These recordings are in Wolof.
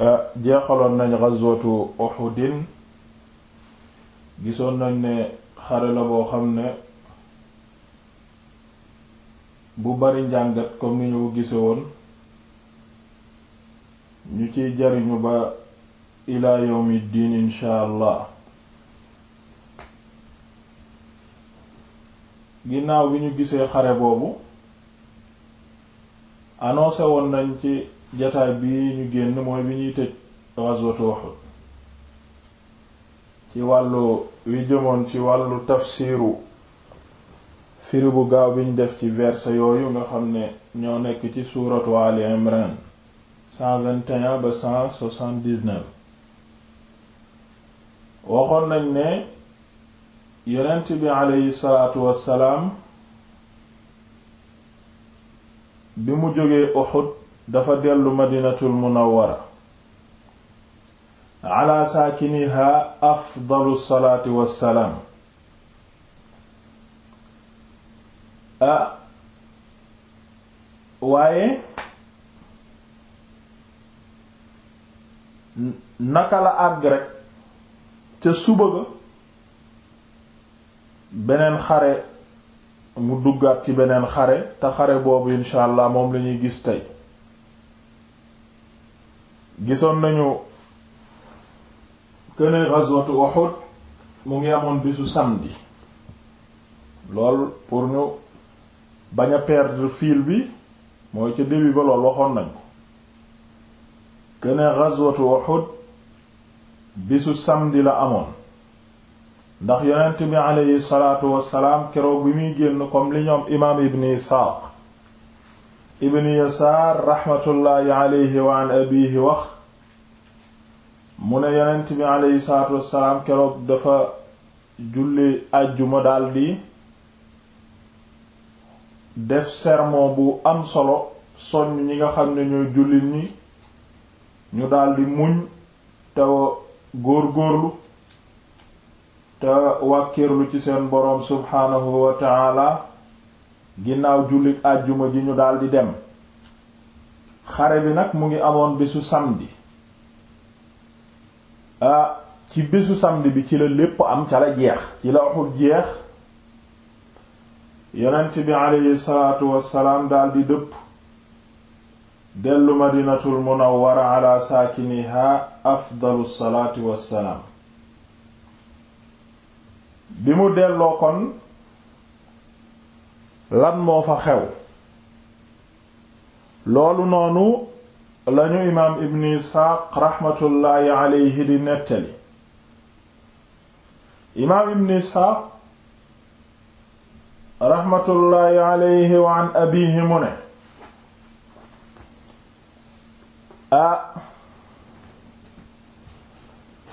Euh, jeexaloon nañ rasotu Uhudin gisoon nañ ne xare la boo xam ne bu bari njàngat comme ni ñu gise woon ñu ciy jariñu ba ila yawmi diin ginnaaw bi ñu gisee xare boobu annoncé woon nañ ci jataay bi ñu génn mooy bi ñuy tëj ghazwatu Uhud ci wàllu wi jëmoon ci wàllu tafsiru firi bu gaaw biñ def ci verset yooyu nga xam ne ñoo nekk ci suuratu Ali Imran 121 ba 179 waxoon nañ ne yonent bi aleyhi wassalaam bi mu jógee Uhud dafa dellu madinatul munawwara ala saakiniha afdalu salaati wassalaam a waaye naka la àgg rek ca suba ga beneen xare mu duggaat ci beneen xare te xare boobu incha allah moom lañuy gis tey gisoon nañu këne ghazwatu waxut mu ngi amoon bisu samedi lool pour ñu bañ a perdre fil bi mooy ca début ba lool waxoon nañ ko këne ghazwatu Uhud bisu samedi la amoon ndax yonent bi aleyhi salaatu wassalaam keroog bi muy génn comme li ñoom imaam Ibn Isaaq ibn yasaar raxmatullaahi alayhi wa an abiihi wax mu ne yonent bi alayhi salaatu wassalaam keroog dafa julli àjjuma di def sermon bu am solo soññ ñi nga xam ne ñooy jullit ñi ñu daldi muñ te góor góorlu te wàkkiirlu ci seen boroom subhaanahu wa taala ginnaaw jullit àjjuma ji ñu daldi dem xare bi nag mu ngi amoon bésu samedi ci bésu samedi bi ci la lépp am ca la jeex ci la Uhud jeex yonent bi aleyhi salaatu wassalaam daldi dëpp dellu madinatul munawwara ala saakiniha afdalu salaatu wassalaam bi mu delloo kon lan moo fa xew loolu noonu lañu imaam ibn isxaaq raxmatullaahi aleyhi di nettali imaam ibn isxaaq raxmatullaahi aleyhi wa abihi mu ne a ah,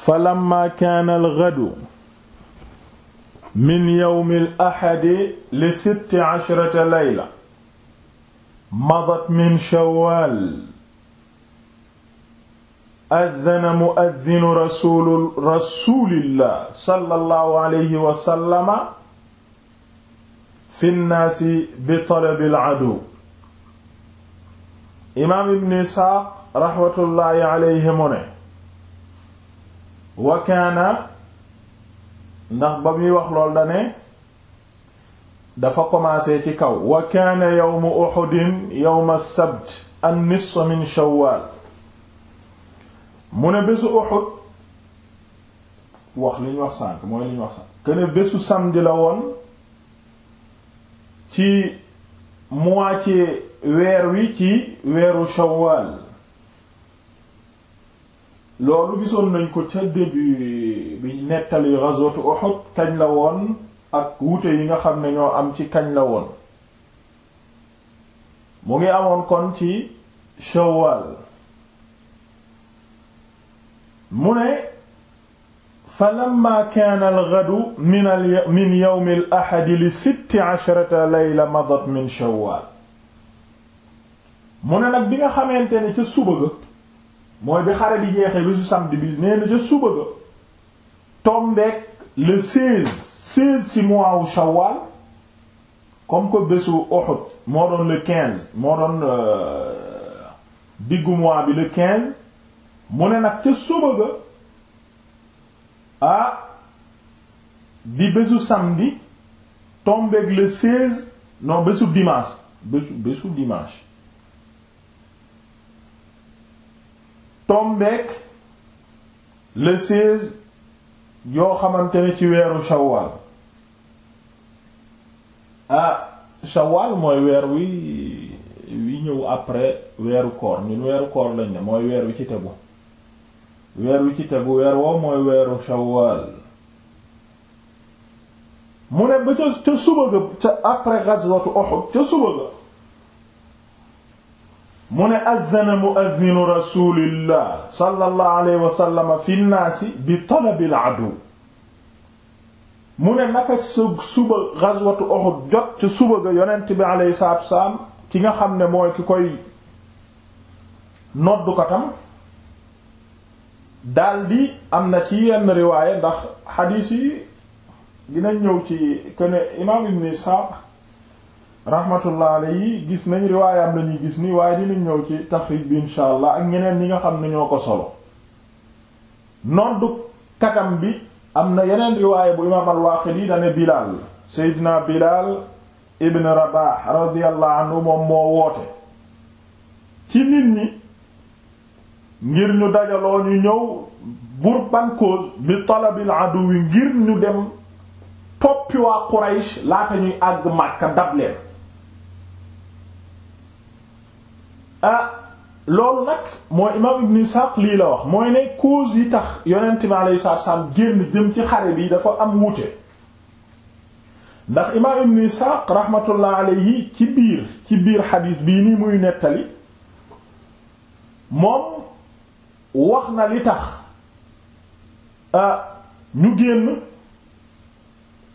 falamma kaana al-ghadu min yawmi al-ahadi li sitti ashrata layla madat min shawwal addana muaddinu rasulu rasulillah sallallahu alayhi wa sallama fi nnaasi bi talabil aduw imaam ibn isxaaq raxmatullaahi alayhi mu ne wa kaana ndax ba muy wax lool la ne dafa commencé ci kaw wa kaana yawmu uhudin yawma sabt an nisf min shawwal mu ne bésu uhud wax li wax sànk mooy li ñu wax sànk kene bésu samedi la woon ci moitié weer wi ci weeru shawwal loolu gisoon nañ ko ca début bi nettali ghazwatu Uhud kañ la woon ak wuute yi nga xam ne ñoo am ci kañ la woon mu ngi amoon kon ci Shawwal mu ne fa lamma kaana al-ghadu min min yawmi al-ahad li sitti ashrata layla madat min Shawwal mu ne nag bi nga xamante ne ca suba ga mooy bi xare bi jeexee bisu samedi bi nee na ca suba ga tombeek le 16 16 ci mois wu shawwal comme que bésu Uhud moo doon le 15 moo doon euh, diggu mois bi le 15 mu ne nag ca suba ga ah di bésu samedi tombeek le 16 non bésu dimanche bésu bésu dimanche tombeek le 16 yoo xamante ne ci weeru shawwal ah shawwal mooy weer wi wi ñëw après weeru koor ñun weeru koor lañ ne mooy weer wi ci tegu weer wi ci tegu weer woo mooy weeru shawwal mu ne ba ca ca suba ga ca après ghazwatu Uhud ca suba ga mu ne addana muaddinu rasulillah sallallahu alayhi wa sallam fi nnaasi bi talabil adu mu ne naka suba gazwatu Uhud jot ca suba ga yonent bi alayhi salaatu wasalaam ki nga xam ne mooy ki koy dal daldi am na ci yenn riwaaye ndax xadiis yi dina ñëw ci kon imaam ibn Isaaq rahmatullah yi gis nañ riwaayam la gis ni waaye dinañ ñëw ci taxrij bi insha allah ak ñeneen ñi nga xam ne ñoo ko solo noddu katam bi am na yeneen riwaaya bu imaam al-Waaqidi dane Bilaal Seydina Bilaal ibn Rabah radiyallahu anhu moom moo woote ci nit ñi ngir ñu dajaloo ñu ñëw bur ban cause bi talabil aduwi ngir ñu dem toppi waa Quraysh laata ñuy àgg Makka dab Ah, loolu nag mooy imaam ibn Ishaq lii la wax mooy ne cause yi tax yonent mi alayhi salaatu salaam génn jëm ci xare bi dafa am wuute ndax imaam ibn Ishaq rahmatullah yi ci biir ci biir xadiis bii nii muy nettali moom wax na li tax ah, ñu génn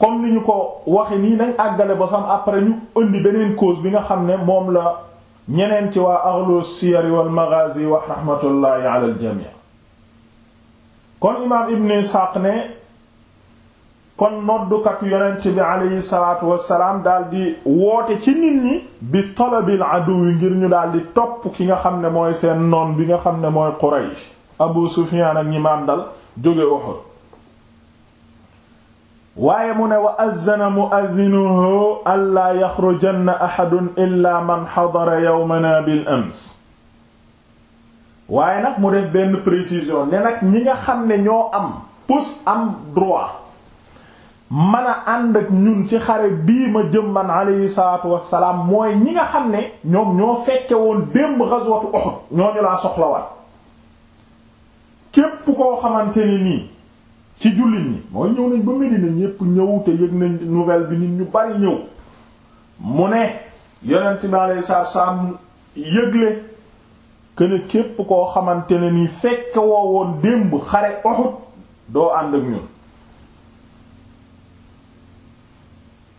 comme ni ñu ko waxe nii nañ àggale ba sam après ñu indi beneen cause bi nga xam ne moom la ñeneen ci waa ahlu siyari wal maghazi wax raxmatullaahi ala al jamii kon imaam ibn isxaaq ne kon noddukatu yonent bi aleyhi salaatu wassalaam daldi woote ci nit ñi bi talabil aduwi ngir ñu di topp ki nga xam ne mooy seen noon bi nga xam ne mooy quraysh abu sufiyaan ak ñi maam dal jóge Uhud waaye mu ne wa azzana muazzinuhu allaa yaxrujanna ahadun illaa man xadara yawmana bil waaye nag mu def benn précision ne nag ñi nga xam ne ñoo am am droit mën a ànd ak ñun ci xare bii ma jëm man alayhi salaatu wassalaam mooy ñi nga xam ne ñoom ñoo fekke woon démb ghazwatu Uhud ñooñu laa soxlawaat képp koo xamante ni nii ci jullit ñi mooy ñëw nañ ba Medina ñépp ñëw te yëg nañ nouvelle bi nit ñu bari ñëw mu ne yonent bi alayhi salaam yëgle que ne képp koo xamante ni fekk woo woon démb xare Uhud doo ànd ak ñun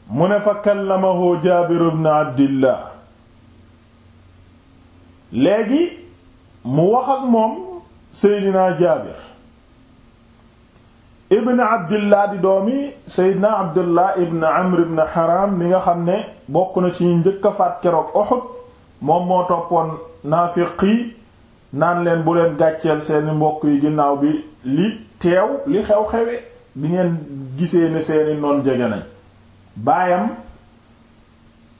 mu ne fa kallamahu Jaabir naa Abdillah léegi mu wax ak moom Seydina Jaabir ibn abdillah di doomi seydna abdullah ibn amr ibn haram mi nga xam ne bokk na ci njëkk a faat keroog Uhud moom moo toppoon naafiqi naan leen bu leen gàcceel seeni mbokk yi ginnaaw bi li teew li xew-xewe bi ngeen gisee ne seeni noon jege nañ baayam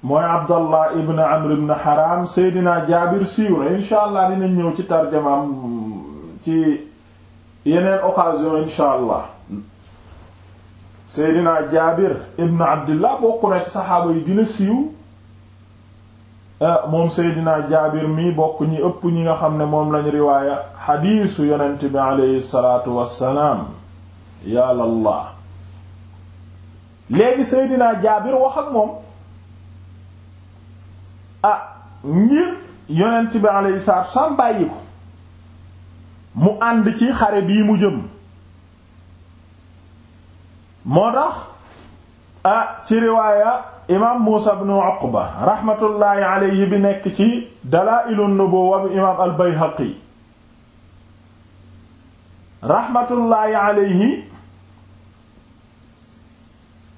mooy abdallah ibn amr ibn haram seydina jaabir siiw na insha allah dinañ ñëw ci tarjamaam ci yeneen occasion insha allah seydina jaabir ibn abdillah bokk na saxaaba yi gën siiw eh, moom seydina jaabir mii bokk ñi ëpp ñi nga xam ne moom lañ riwaaya xadiisu yonent bi aleyhi salaatu léegi seydina jaabir wax ak moom ah ngir yonent bi aleyhi salaatu bàyyi ko mu ànd ci xare bii mu jëm moo tax ah ci riwaaya imaam Muusa ibn Uqba rahmatullahi bi nekk ci Dalaa'ilun Nubuwwa bi imaam al-Bayhaqi rahmatullahi alayhi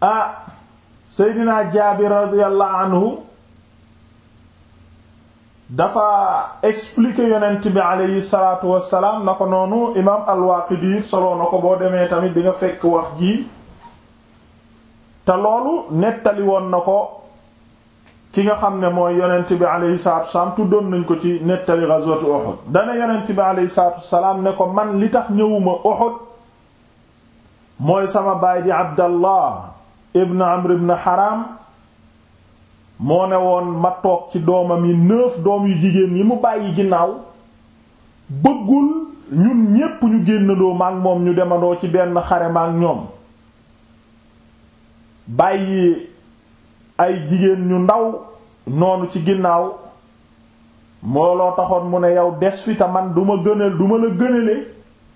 ah Seydina Jaabir radiyallahu anhu dafa expliquer yonent bi aleyhi salaatu wassalaam na ko noonu imaam al-Waaqidi soloo ko boo demee tamit di nga fekk wax ji te loolu nettali woon na ko ki nga xam ne mooy yonent bi alayhi salaatu wasalaam tuddoon nañ ko ci nettali ghazwatu Uhud dana yonent bi alayhi salaam ne ko man li tax ñëwuma Uhud mooy sama baay di Abdallah ibn Amr ibn Haram moo ne woon ma toog ci doomam yi neuf doom yu jigéen yi mu bàyyi ginnaaw bëggul ñun ñépp ñu génnandoo maak moom ñu demandoo ci benn xare maak ñoom bàyyi ay jigéen ñu ndaw noonu ci ginnaaw mooloo taxoon mu ne yow des fi te man duma gënal duma la gënale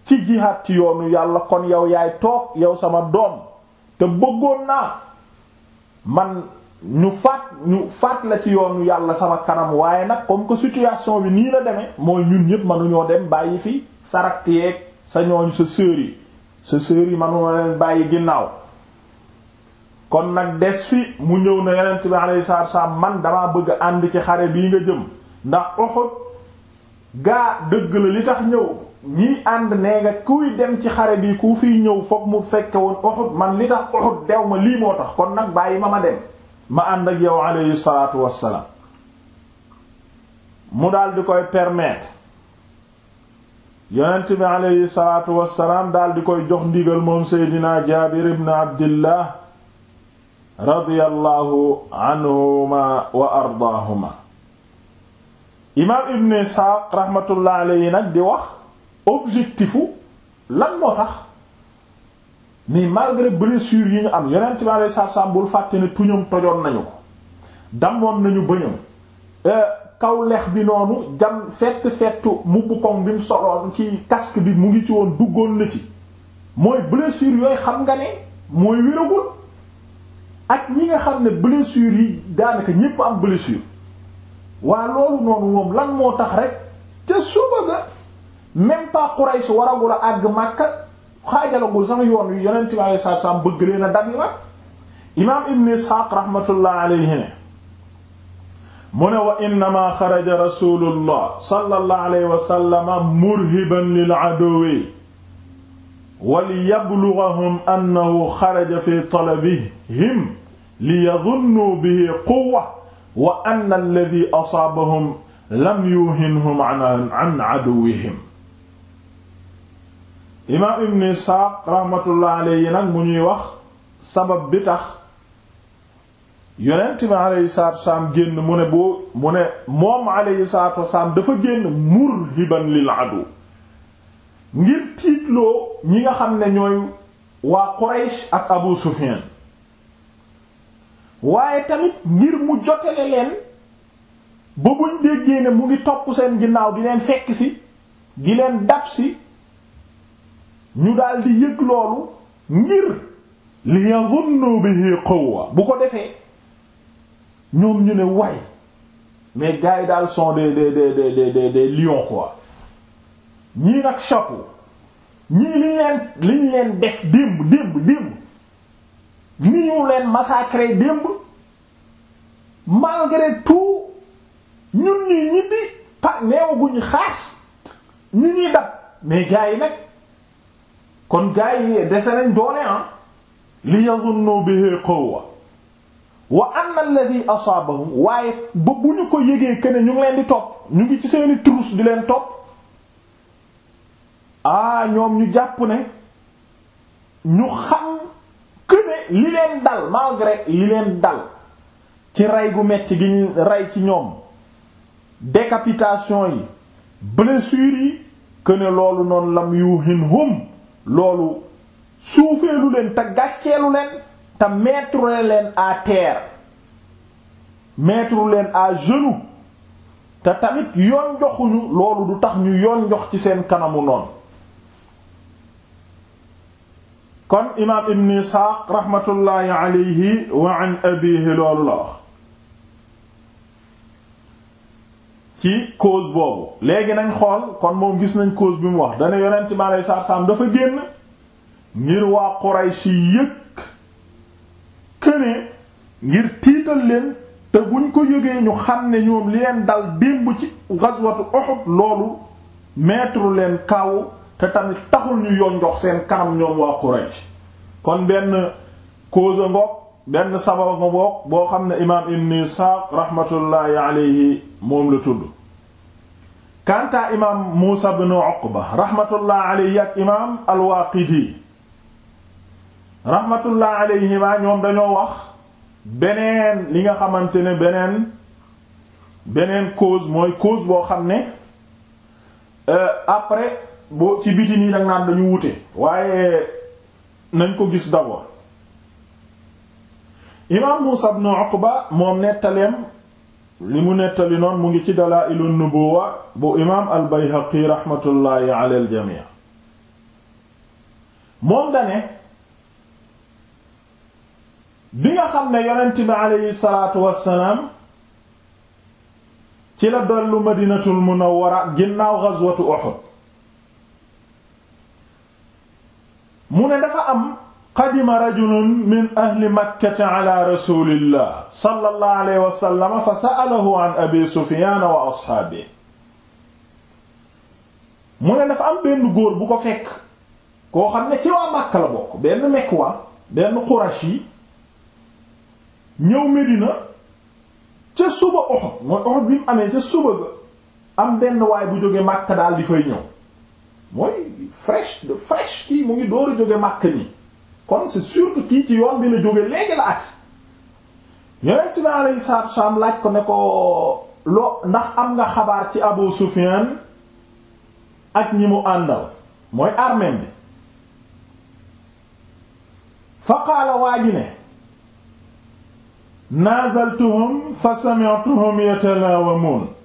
ci jihaat ci yoonu yàlla kon yow yaay toog yow sama doom te bëggoon naa man ñu faat ñu faat la ci yoonu yàlla sama kanam waaye nag comme que situation bi nii la demee mooy ñun ñépp mënuñoo dem bàyyi fi sarak yeeg sa ñooñ sa sœur yi sa sœur yi mënuñoo leen bàyyi ginnaaw kon nag des fi mu ñëw na yonent bi alayhi salaatu wasallam man damaa bëgg ànd ci xare bii nga jëm ndax Uhud gaa dëgg la li tax ñëw ñiy ànd nee nga kuy dem ci xare bi ku fiy ñëw foog mu fekke woon Uhud man li tax Uhud dew ma lii moo tax kon nag bàyyi ma ma dem ma ànd ak yow alayhi salaatu wassalaam mu daldi koy permettre yonent bi alayhi salaatu wassalaam daal koy jox ndigal moom Seydina Jaabir ibn Abdillah radiyallahu anhuma wa ardaahuma imaam ibn isxaaq raxmatullahi alayhi nag di wax objectifu lan moo tax ni malgré blessure yi ñu am yonent bi alayhi salaatu salaam bul fàtte ne tuñam tojoon nañu ko damoon nañu bëñam e, kaw lex bi noonu jam fett fettu mubbu koŋ bi mu soloon ci casque bi mu ngi ci woon duggoon na ci mooy blessure yooyu xam nga ne mooy wéragul ak ñi nga xam ne blessure yi daanaka ñépp am blessure waa loolu noonu moom lan moo tax rek te suba ga même pas Quraysh waragul a àgg Makka xaajalagul sax yoon wi yonent bi alayhi salaatu salaam bëgg leen a dab yi mag imaam ibn Isxaaq rahmatullah alayhi ne mu ne wa innama xaraja rasulullah sallallahu alayhi wa sallam murhiban lil aduwi waliyablughahum annahu xaraja fi talabihim liyadhunnuu bihi quwwa wa anna alladhi asaabahum lam yuhinhum an aduwwihim imaam ibn isxaaq rahmatullah alayhi nag mu ñuy wax sabab bi tax yonent bi alayhi salaatu wasalaam génn mu ne boo mu ne moom alayhi salaatu wasalaam dafa génn murhiban lil adu ngir tiitloo ñi nga xam ne ñooy waa Quraysh ak Abu Sufyan waaye tamit ngir mu jotele leen ba buñ déggee ne mu ngi topp seen ginnaaw di leen fekk si di leen dab si ñu daldi yëg loolu ngir li yadhunnu bihi quwwa bu ko defee ñoom ñu ne way mais gars yi daal sont des des des des des lions quoi ñii nag chapeau ñii liñ leen liñ leen def démb démb démb ni ñu leen massacré démb malgré tout ñun ñuy ñibbi pa neewaguñu xaas ñu ñuy dab mais gars yi nag kon gars yi dese nañ doole ah li yazunnu bihi quwwa wa anna alladhi asaabahum waaye ba bu ñu ko yëgee que ne ñu ngi leen di topp ñu ngi ci seeni trousse di leen topp ah ñoom ñu jàpp ne ñu xam que li leen dal malgré li leen dal ci rey gu metti gi ñu rey ci ñoom décapitation yi blessures yi que loolu noonu lam yuhinhum loolu suufeelu leen te gàcceelu leen te mettre leen à terre mettre leen à genoux te tamit yoon joxuñu loolu du tax ñu yoon jox ci seen kanamu noonu kon imaam ibn isxaaq raxmatullaahi alayhi wa an abiihi loolu la wax ci cause boobu léegi nañ xool kon moom gis nañ cause bi mu wax dana yonent mi alayhi salaatu salaam dafa génn ngir waa Quraysh yëg këne ngir tiital leen te buñ ko yëgee ñu xam ne ñoom li leen dal démb ci ghazwatu Uhud loolu mettre leen kaw te tamit taxul ñu yoon jox seen kanam ñoom waa Quraysh kon benn cause ngoog benn sabab nga boog boo xam ne imaam Ibn Isaaq rahmatullahi alayhi moom la tudd kanta imaam Muusa ibn Uqba rahmatullahi alayhi ak imaam al-Waaqidi alayhi ma ñoom dañoo wax beneen li nga xamante ne beneen beneen cause mooy cause boo xam ne euh, après boo ci biti nii nag naan dañu wute waaye nañ ko gis d'abord imaam Muusa ibn Uqba moom nettaleem li mu nettali noon mu ngi ci Dalaa'ilu Nubuwwa bu imaam al-Bayhaqi raxmatullaahi ala al-jamii moom dane bi nga xam ne yonent bi aleyhi salaatu wassalaam ci la dollu Madinatul Munawwara ginnaaw gazwatu Uhud mu ne dafa am qadima rajulun min ahli makkata ala rasulillah sallallahu alayhi wa fa sa'alahu abi sufyan wa ashaabi mu ne dafa am benn góor bu ko fekk koo xam ne ci waa Makka la bokk benn Mekwa benn Qurashi ñëw Medina ca suba Uhud mooy Uhud bi mu amee ca suba ga am benn waay bu jóge Makka daal di fay ñëw mooy fraîche de fraîche kii mu ngi door a jóge màkk nii kon c'est sûr kii ci yoon bi la jóge léegi la agsi yonent bi alayhi salaatu wasalaam laaj ko ne ko loo ndax am nga xabaar ci Abu Sufyan ak ñi mu àndal mooy armée bi fa waa ji ne nazaltuhum fa sami'tuhum yatalaawamuun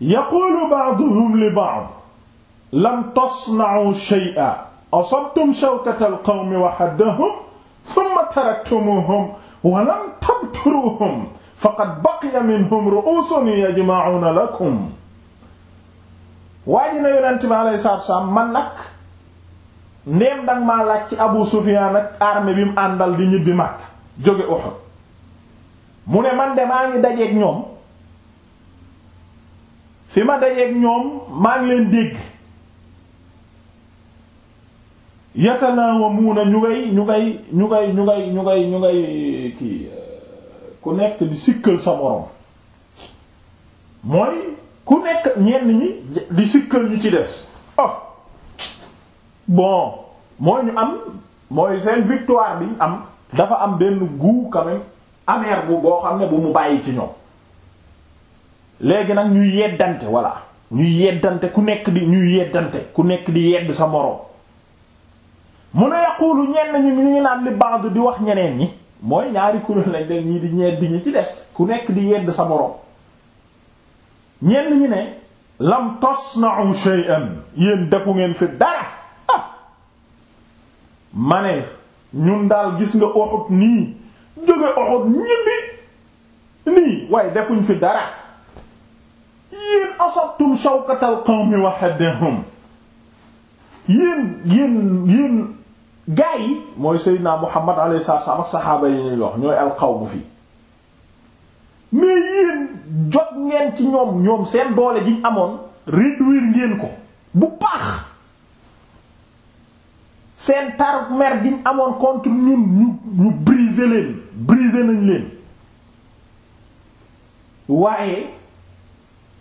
yaquulu ba'duhum li ba'd lam tasna'u shay'an asabtum shawkata al-qawmi wa haddahum thumma taraktumuhum wa lam tabturuhum faqad baqiya minhum ru'uusun yajma'uuna lakum waa ji ne yonent bi alayhi salaatu wassalaam man nag ndeem dang maa laaj ci Abu Sufyaan nag armée bi mu àndal di ñibbi Makka jóge Uhud mu ne man de maa ngi dajeek ñoom fi ma dajeeg ñoom maa ngi leen dégg yatalawamuuna ñu ngay ñu ngay ñu ngay ñu ngay ñu ngay ñu ngay kii euh, ku nekk di sikkal sa morom mooy ku nekk ñenn ñi di sikkal ñi ci des oh bon mooy ñu am mooy seen victoire bi am dafa am benn goût quand même bu boo xam ne bu mu bàyyi ci ñoom léegi nag ñuy yeddante voilà ñuy yeddante ku nekk di ñuy yeddante ku nekk di yedd sa moroom mu ne yaqulu ñenn ñi ñu ngi naan li ba'd di wax ñeneen ñi mooy ñaari kuréel lañ leen ñii di ñeed di ci des ku nekk di yedd sa moroom ñenn ñi ne lam tasna'u shay'an yéen defu ngeen fi dara ah ma ne ñun daal gis nga Uhud nii jóge Uhud ñibbi nii waaye defuñ fi dara yéen asabtum shawkatal gaa yi mooy Seydina Muhammad alayhi salaam ak saxaaba yi ñuy wax ñooy alqawmu fii mais yéen jot ngeen ci ñoom ñoom seen doole jiñ amoon réduire ngeen ko bu baax seen tar mer gi amoon contre ñun ñu ñu leen briser nañ leen waaye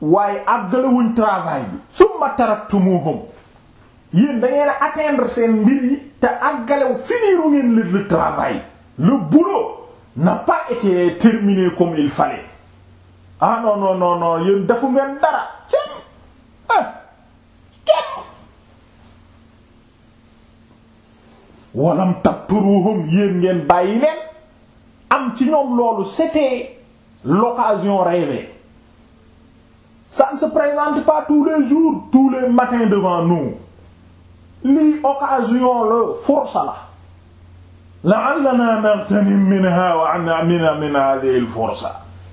waaye àggalewuñ travail bi summa taraktumuhum yéen da ngeen a atteindre seen mbir yi te àggalew finiru ngeen le le travail le boulot n'a pas été comme il fallait ah non non non non yéen defu ngeen dara cem ah cem walam taqturuhum yéen ngeen bàyyi leen am ci ñoom loolu c'était l'occasion rêvée ça ne se présente pas tous les jours tous les matins devant nous lii occasion la force la la'allana nagtanim minha wa min hadhihi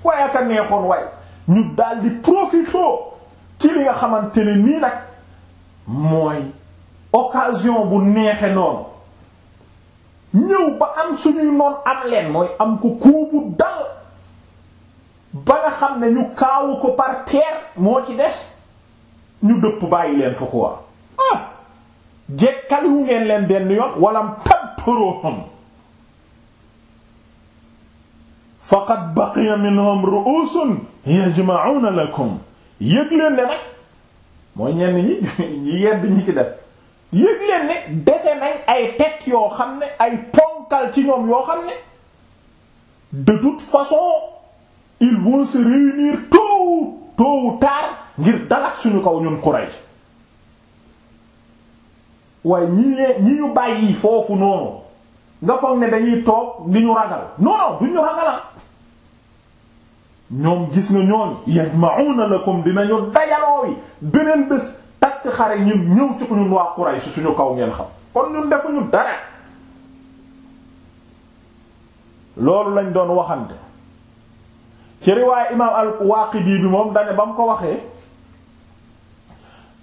waaye aka neexoon waaye ñu daal di ci li nga xamante ne nii nag mooy occasion bu neexe noonu ñëw ba am suñuy noon am leen mooy am ko kuubu dal ba xam ne ñu kaawu ko par moo ci des ñu dëpp bàyyi leen fa quoi ah ngeen leen benn yoon walam tabturuhum faqad baqiya minhum ru'usun yajma'una lakum yëg leen ne nag mooy ñenn ñi ñi yedd ñi ci des yëg leen ne dese nañ ay teg yoo xam ne ay ponkal ci ñoom yoo xam ne de toute façon ils vont réunir tôt tôt ou ngir dalak suñu kaw ñun Quraysh waaye ñi ñu bàyyi foofu noonu nga foog ne dañuy toog di ñu ragal non non ñu ragala ah. ñoom gis nga ñoon yajma'una lakum dinañu dajaloo yi beneen bés takk xare ñun ñëw ci ñun waa Quraysh suñu kaw ngeen xam kon ñun defuñu dara loolu lañ doon waxante ci riwaay imaam al-Waaqidi bi moom dane ba mu ko waxee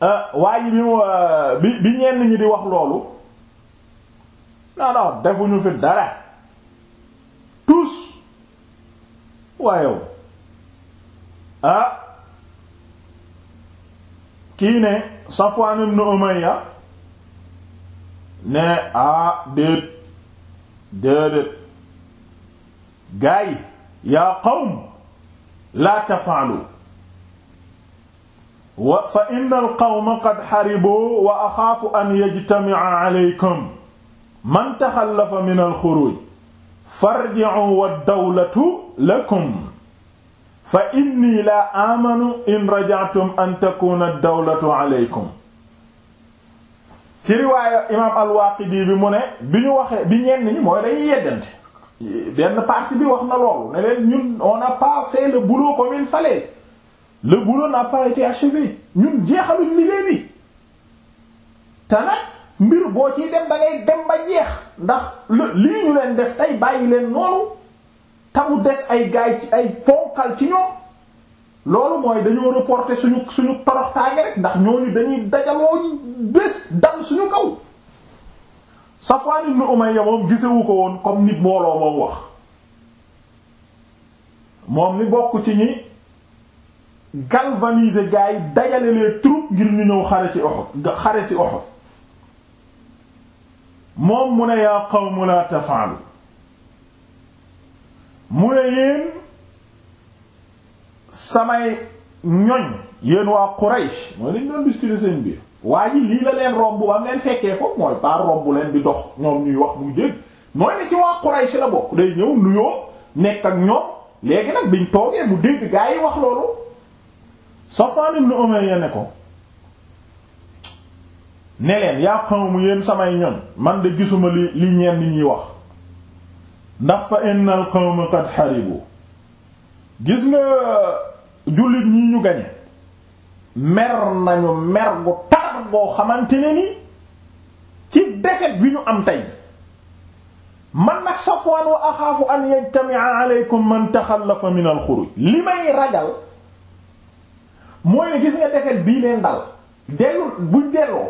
euh, waaye bi mu euh, bi bi ñi di wax loolu non non defuñu fi dara tous waayow ah kii ne Safwaan ibn Umayya ne ah déet déedéet gaay yaa qawm laa tafaalu wa fa inna alqawma qad xariboo wa axaafu an yajtamica aleykum man taxallafa min alxuruj farjicu waddawlatu lakum fa inni laa aamanu in rajactum an takuna addawlatu aleykum ci riwaaya imaam alwaaqidi bi mu ne bi ñu waxee bi ñenn ñi mooy dañuy yeddante benn partie bi wax na loolu ne leen ñun on n'a pas fait le boulot comme il fallait le boulot n'a pas été achevé ñun jeexaluñ liggéey bi te nag mbir boo ci dem da dem ba jeex ndax lii ñu leen def tey bàyyi leen noonu tamu des ay gaay ay ponkal ci ñoom loolu mooy dañoo reporter suñu suñu toroxtaange rek ndax ñooñu dañuy dajaloo bés dal suñu kaw Safwan ibn Umayya moom gisewu ko woon comme nit mbooloo moom wax moom ni bokk ci ñi galvaniser gars yi dajale les troupes ngir ñu ñëw xare ci Uhud xare ci Uhud moom mu ne yaa qawmu la tafaalu mu ne yéen samay ñoñ yéen waa Quraysh mooy lañ doon discuter seen biir waa ji lii la leen romb ba am leen fekkee foofu mooy pas romb leen di dox ñoom ñuy wax muy dégg mooy ne ci waa Quraysh la bokk day ñëw nuyoo nekk ak ñoom léegi nag biñ toogee mu dégg gaa yi wax loolu Safwan ibn Umayya ne ko ne leen yaa qawmu yéen samay ñoñ man de gisuma li li ñeen li ñuy wax ndax fa innal qawma qad gis nga jullit ñi ñu gañe mer nañu mer gu boo xamante ne ni ci defet bi ñu am tey man nag Safwaan wa axaafu an yajtami'a alaykum man taxallafa min al-xuruj li may ragal mooy ne gis nga défaite bii leen dal dellu buñ delloo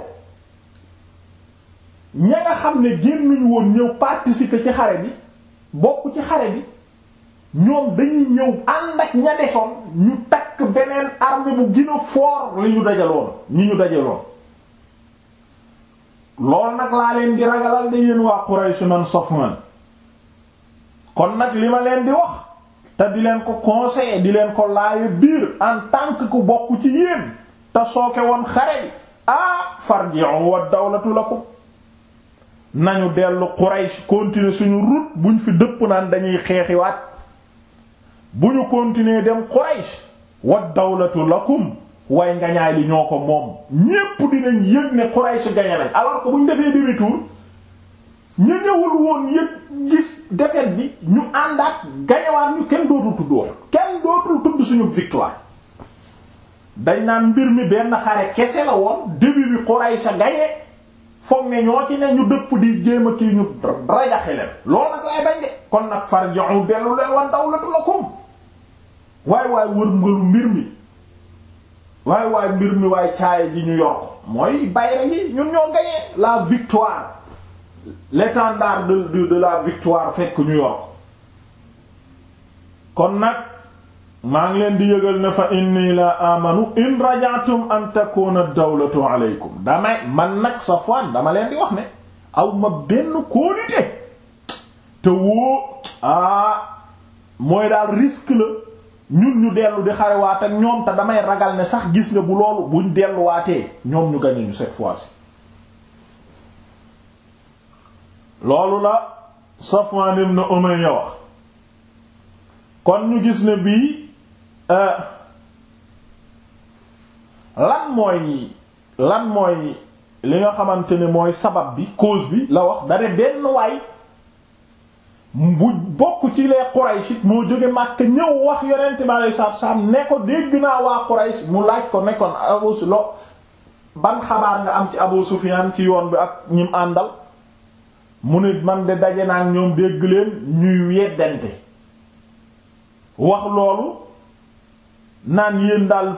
ña nga xam ne génnuñ woon ñëw participer ci xare bi bokk ci xare bi ñoom dañuy ñëw ànd ak ña desoon ñu takk beneen arme bu gën a fort li ñu dajaloon ñi ñu dajaloon loolu nag laa leen di ragalal de yéen waa Quraysh man Safwan kon nag li ma leen di wax te di leen ko conseiller di leen ko laaye biir en tànk que ku bokk ci yéen te sooke woon xare bi ah farji'u wa dawlatu lakum nañu dellu Quraysh continuer suñu route buñ fi dëpp naan dañuy xeexiwaat bu ñu continuer dem Quraysh wa dawlatu lakum way ngañaay li ñoo ko moom ñépp dinañ yëg ne Quraysh gañe nañ alors que bu ñu defee demi-tour ñu ñëwul woon yëg gis défaite bi ñu àndaat gañewaat ñu kenn dootul tudd woon kenn dootul tudd suñu victoire dañ naan mbir mi benn xare kese la woon début bi Quraysh gañe foog ne ñoo ci ne ñu dëpp di jéem a kii ñu rajaxe leen loolu nag laay bañ de kon nag farjoxu dellu leen wa dawlatu lakum waay waay wër ngalu mbir mi waay waay mbir mi waay caaya ji ñu yor mooy bayre gi ñun ñoo gagné la victoire l'étendard de de de victoire fekk ñu yor kon nag maa ngi leen di yëgal ne fa inni la amanu in raja'tum an dawlatu alaykum damay man nag Safwan dama leen di wax ne aw ma benn kóolute te woo ah mooy daal risque la. ñun ñu dellu di xarewaat ak ñoom te damay ragal ne sax gis nga bu loolu buñ delluwaatee ñoom ñu gagné ñu cette fois-ci loolu la Safwan ibn Umayya wax kon ñu gis ne bii euh, lan mooy lan mooy li nga xamante ne mooy sabab bi cause bi la wax dare benn waay bu bokk ci les Quraysh moo jóge Makka ñëw wax yonent bi alayhi salaatu salaam ne ko dégg naa waa Quraysh mu laaj ko nekkoon Abu Lo ban xabaar nga am ci Abu Sufyaan ci yoon bi ak ñim àndal mu ne man de daje naa ñoom dégg leen ñuy yeddante wax loolu naan yéen daal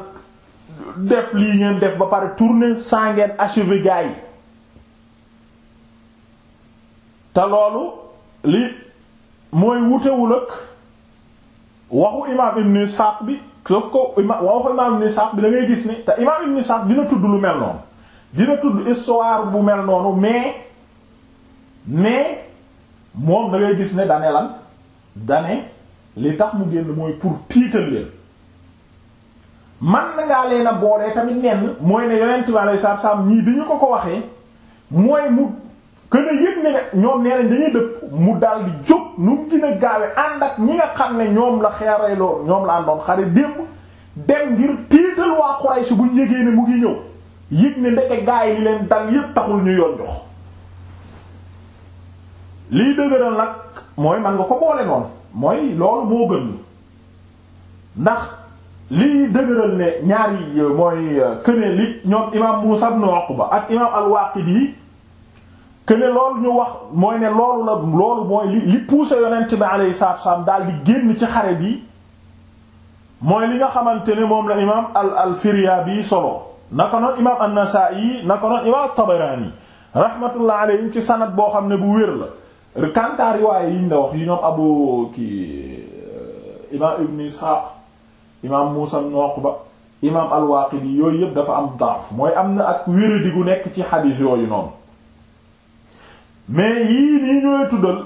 def lii ngeen def ba pare tourner sans ngeen achever gaa yi te loolu li mooy wutewul ak waxu imaam ibn Ishaq bi sauf ko waxu imaam ibn Ishaq bi da ngay gis ni te imaam ibn Ishaq dina tudd lu mel noonu dina tudd histoire bu mel noonu mais mais moom dangay gis ne dane lan dane li tax mu génn mooy pour tiital leen man na ngaa leen a boolee tamit nenn mooy ne yonent bi alei satu ñii bi ñu ko ko waxee mooy mu que ne yëg ne ne ñoom nee nañ dañuy dëpp mu daal di jóg nu mu gën gaawe ànd ak ñi nga xam ne ñoom la xeereeloo ñoom la àndoon xare démb dem ngir tiital waa Quraysh buñ yëgee ne mu ngi ñëw yëg ne ndeke gaa li leen dal yépp taxul ñu yoon jox lii dëgëral nag mooy man nga ko boole noonu mooy loolu moo gën ndax lii dëgëral ne ñaari euh, mooy këne euh, li ñoom imaam Muusaa ibn Uqba ak imaam al-Waaqidi que ne loolu ñu wax mooy ne loolu la loolu mooy li li poussé yonent bi alayhi daal di génn ci xare bi mooy li nga xamante ne moom la imaam al al Firyaabi solo naka noonu imaam an-Nasaa'i naka noonu imaam at-Tabaraani rahmatullah alayhim ci sanad boo xam ne bu wér la kanta riwaaya yi ñu la wax yi ñoom abu ki euh, imaam Ibn Isxaaq imaam Muusaa ibn Uqba imaam al-Waaqidi yooyu yëpp dafa am daaf mooy am na ak di gu nekk ci xadiis yooyu noonu. mais yii nii ñooy tuddal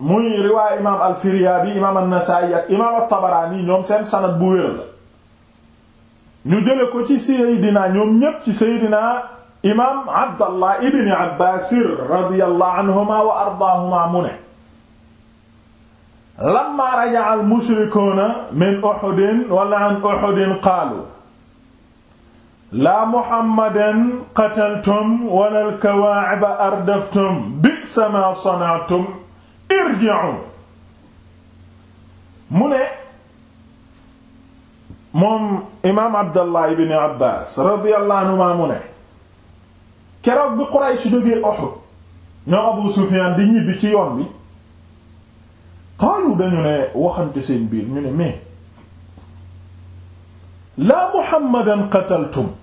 muy riwaay imaam al-Firyaabi imaam an-Nasaa'i ak imaam at-Tabaraani ñoom seen sanad bu wér la ñu jële ko ci Seydina ñoom ñépp ci Seydina imaam Abdallah ibn Abbaas radiyallahu anhuma wa ardaahuma mu ne lamma raja'a al-mushrikuuna min Uhud wa an Uhud qaalu laa muhammadan qataltum wala alkawaaciba ardaftum bisa ma sanaatum irji'u mu ne moom imaam abdallah ibn abbas radiyallahu anhuma mu ne keroog bi Quraysh jógee Uhud ñoo Abu Sufyaan di ñibbi ci yoon bi xaalu dañu ne waxante seen biir ñu ne mais laa muhammadan qataltum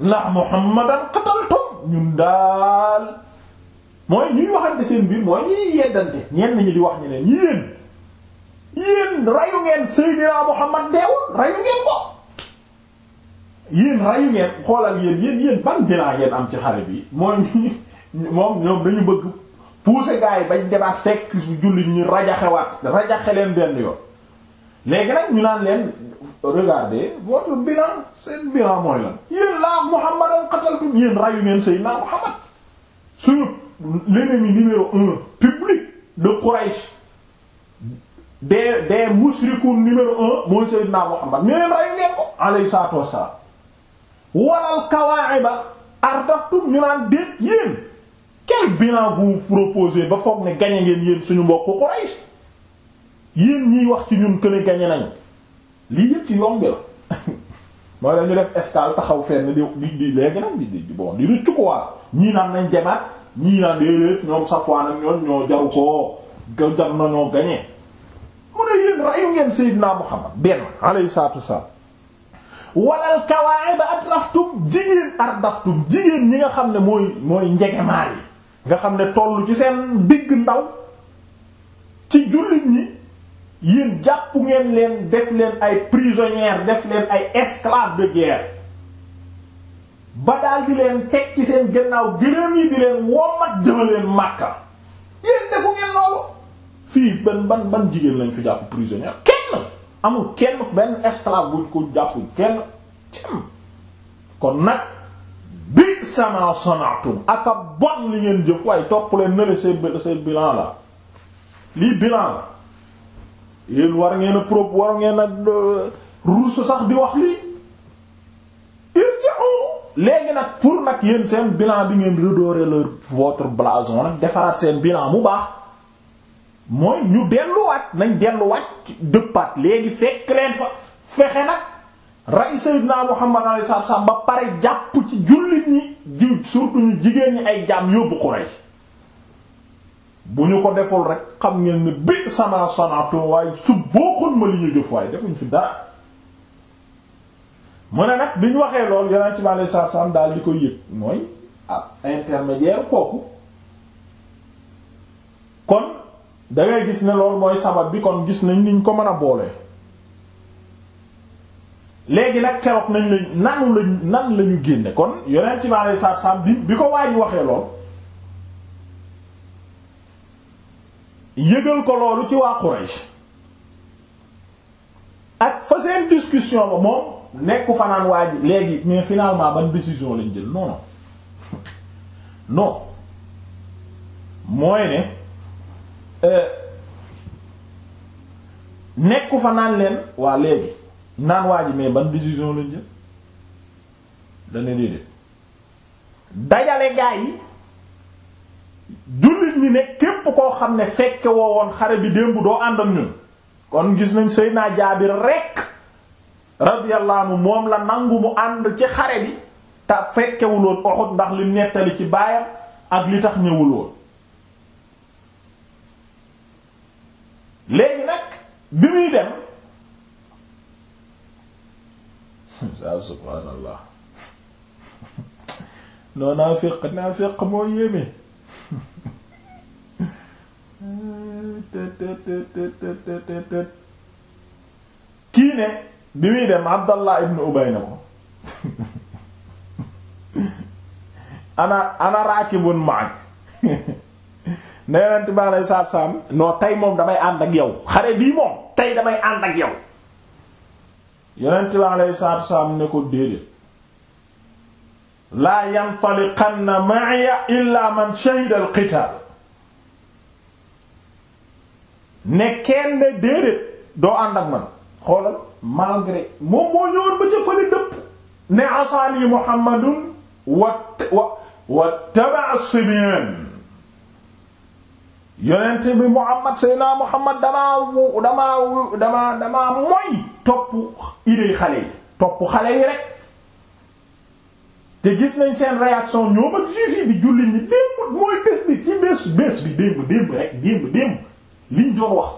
la muhammadan qataltum ñun daal mooy ñuy waxante seen biir mooy ñuy yeddante ñenn ñi di wax ñu leen yéen yéen rayu ngeen seydinaa muhammad deewul rayu ngeen ko yéen rayu ngeen xoolal yéen yéen yéen ban bilan ngeen am ci xare bi mooy moom ñoom dañu bëgg pousser gars yi bañ demaat fekk su jullit ñi rajaxewaat rajaxe leen benn yoon léegi nag ñu naan leen regardez votre bilan seen bilan mooy lan yéen laa Muhammad al qataltum yéen rayu ngeen Seydina Muhammad suñu l'ennemi numéro un public de Quraysh des des mushrikoun numéro un mooy Seydina Muhammad ñu leen rayu ngeen ko alayhi salaatu wassalaam walal kawa'iba ardaftum ñu naan déet yéen quel bilan vous proposez ba foog ne gagné ngeen yéen suñu mbokku Quraysh yéen ñiy wax ci ñun këne gañe nañ lii yëpp ci yomb la mooy dañu def escale taxaw fenn di di di di di bon di rëccu ko waa ñii naan nañ demaat ñii naan déedéet ñoom Safwaan ak ñoom ñoo jaru ko jar na gañe mu ne yéen rayu ngeen Seydina Muhammad benn alayhi salaatu wassalaam walal kawaay ba atraftum jigéen ardaftum jigéen ñi nga xam ne mooy mooy njegemaal yi nga xam ne tollu ci seen digg ndaw ci jullit ñi yéen jàppu ngeen leen def leen ay prisonniers def leen ay esclaves de guerre ba daal di leen teg ci seen gannaaw gëléem yi di leen wommat jëmaleen Makka yéen defu ngeen loolu fii ban ban ban jigéen lañ fi jàpp prisonnier kenn amul kenn benn esclave bu ko jàpp kenn cem kon nag bi sama sonatum ak a bon li ngeen jëf waaye topp leen nële seen bilan la lii bilan la yéen war ngeen a prop war ngeen a euh, ruus sax di wax lii irja'u léegi nag pour nag yéen seen bilan bi ngeen redorer leur votre blason nag defaraat seen bilan mu baax mooy ñu delluwaat nañ delluwaat dëppaat léegi fekk leen fa fexe nag ray sayyidna Muhammad sallallahu alayhi wasallam ba pare jàpp ci jullit ñi surtout ñu jigéen ñi ay jaam yóbbu Quraysh bu ñu ko deful rek xam ngeen ne bi sama sanaatu waaye su booxoon ma li ñu jëf waaye defuñ fi dara mu ne nag bi waxee lool yonent bi alayhi salaatu salaam daal di ko yëg mooy ab intermédiaire kooku kon dangay gis ne lool mooy sabab bi kon gis nañ niñ ko mën a boolee léegi nag keroot nañ lañ nanu lañ nan lañu ñu génne kon yonent ci alayhi salaatu salaam bi bi ko waaj waxee lool yëgal ko loolu ci waa ak fa seen discussion ba moom nekku fanaan waa ji léegi mais finalement ban décision lañ jël non non non mooy ne euh, nekku fanaan leen waa léegi naan waa ji mais ban décision lañ jël dana déedéet dajale gaa yi jullit ñi ne képp koo xam ne fekke woo woon xare bi démb doo ànd ñun kon gis nañ Seydina Jaabir rekk radiyallahu anhu moom la nangu mu ànd ci xare bi ta fekkewul woon ndax li nettali ci baayam ak li tax ñëwul woon léegi nag bi muy dem yaa subhaanallah non moo yéeme kii ne bi muy dem Abdallah ibn Ubay na ko ana ana raakibun maak neneent baa lay saat saam non tey moom damay ànd ak yow xare bii moom tey damay ànd ak yow yonent bi alayhi salaatu wasalaam ne ko déedéet laa yantaliqanna ma'iya illa man shahida al-qitaal ne kenn ne déedéet doo ànd ak man xoolal malgré moom moo ñëwoon ba ca fële dëpp ne asaani muhammadun wa wa wa taba sibyan yonent bi muhammad seydina muhammad damaa damaa damaa topp idée xale yi topp xale yi rek te gis nañ seen réaction ñoom ak juif yi bi julli ñi démb mooy bés bi ci bés bés bi démb démb rek démb démb liñ doon wax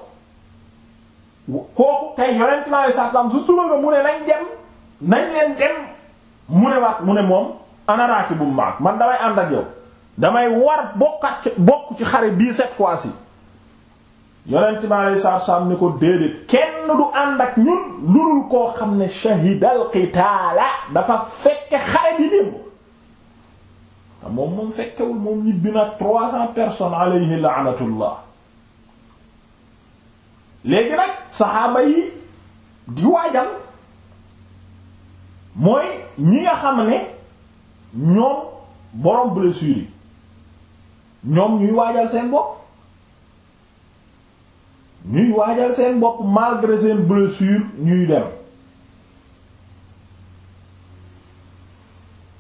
kooku tey yonent mi alei satu su suba nga mu ne nañ dem nañ leen dem mu ne waat mu ne moom anaraaki bu maak man damay ànd ak yow damay war bokkat bokk ci xare bii cette fois yi yonent mi alei satu salaam ni ko déedéet kenn du ànd ak ñun lurul koo xam ne shahidal qitaala dafa fekke xare bi démb te moom moom fekkewul moom ñibbi na trois cents personnes alayhi la'natullah léegi nag saxaaba yi di waajal mooy ñi nga xam ne ñoom borom blessure yi ñoom ñuy waajal seen bopp ñuy waajal seen bopp malgré seen blessure ñuy dem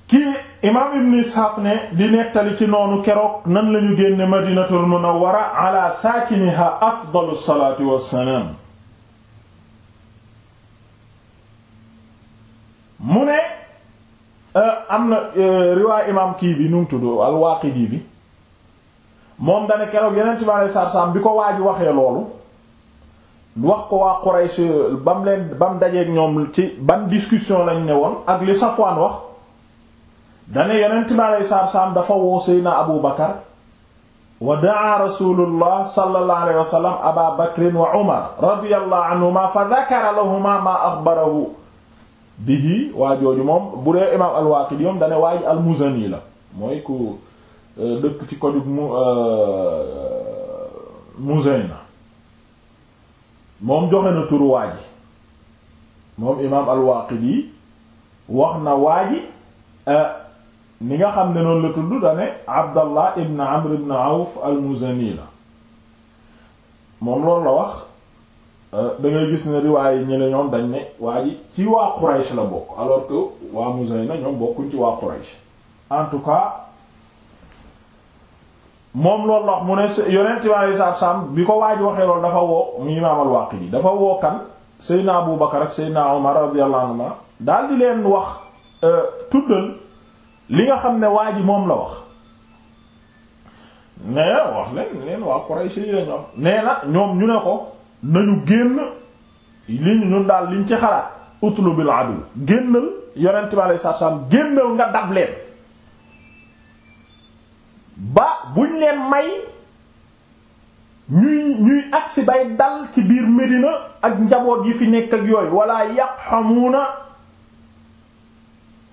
kii imaam ibn Isxaaq ne di nettali ci noonu keroog nan lañu génne madinatul munawwara ala saakiniha afdalu salaatu wassalaam mu ne eh, am na eh, riwaay imaam kii bi nu mu tudd al bi moom dana keroog yeneen ci ma saam bi ko waa ji waxee loolu wax ko waa Quraysh bam leen bam dajeeg ñoom ci ban discussion lañu ne woon ak li Safwaan wax dane yonent bi aleyhi salaatu salaam dafa woo seydna abu bakar wa daa rasulullah sallallahu alayhi wa wa umar radiyallahu anhuma fa dakara lahuma ma axbarahu bihi waa moom bu dee imaam al moom dane waaji al la mooy ku euh, ci kojug mu euh, moom joxe na tur waaji moom imaam al wax na waaji euh, ni nga xam ne noonu la tudd dane abdallah ibn amr ibn auf al-muzani la moom loolu la wax euh, dangay gis ne riwaaye ñi ne dañ ne waa ji ci waa Quraysh la bokk alors que waa Muzayna ñoom bokkuñ ci waa Quraysh en tout cas moom loolu la wax mu ne yonent bi alei satu salaam bi ko waa ji waxee loolu dafa woo mu imaam al-Waaqidi dafa wookan kan Seydina Abu Bakar ak Seydina Umar radiyallahu anhuma daal di leen wax euh, tuddal li nga xam ne waa ji moom la wax nee ah, wax leen leen waa Quraysh yi la ñoom nee na ñoom ñu ne ko nañu génn li ñu ñun daal liñ ci xalaat utlu bil adu génnal yonent bi alayhi salaam génnal nga dab leen ba buñ leen may ñuy ñuy agsi bay dal ci biir Medina ak njaboot yi fi nekk ak yooyu wala yaqhamuna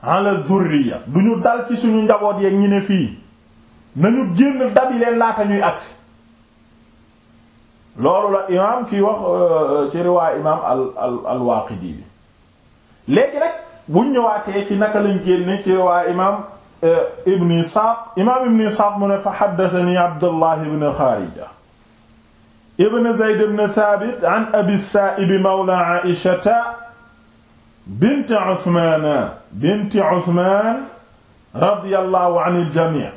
ala dhurriya du ñu dal ci suñu njaboot yeeg ñi ne fii nañu génn dabi leen laata ñuy agsi loolu la imaam kii wax euh, ci riwaay imaam al al al-Waaqidi bi léegi rek buñ ñëwaatee ci naka lañ génne ci riwaay imaam euh, Ibn Isaaq imaam Ibn Isaaq mu ne fa haddathanii Abdullah ibn Khaarija ibn Zayd ibn Thaabit an Abi Saa'ib mawla Aa'ishata binti Usmaan binti Usmaan radiyallahu anil jamii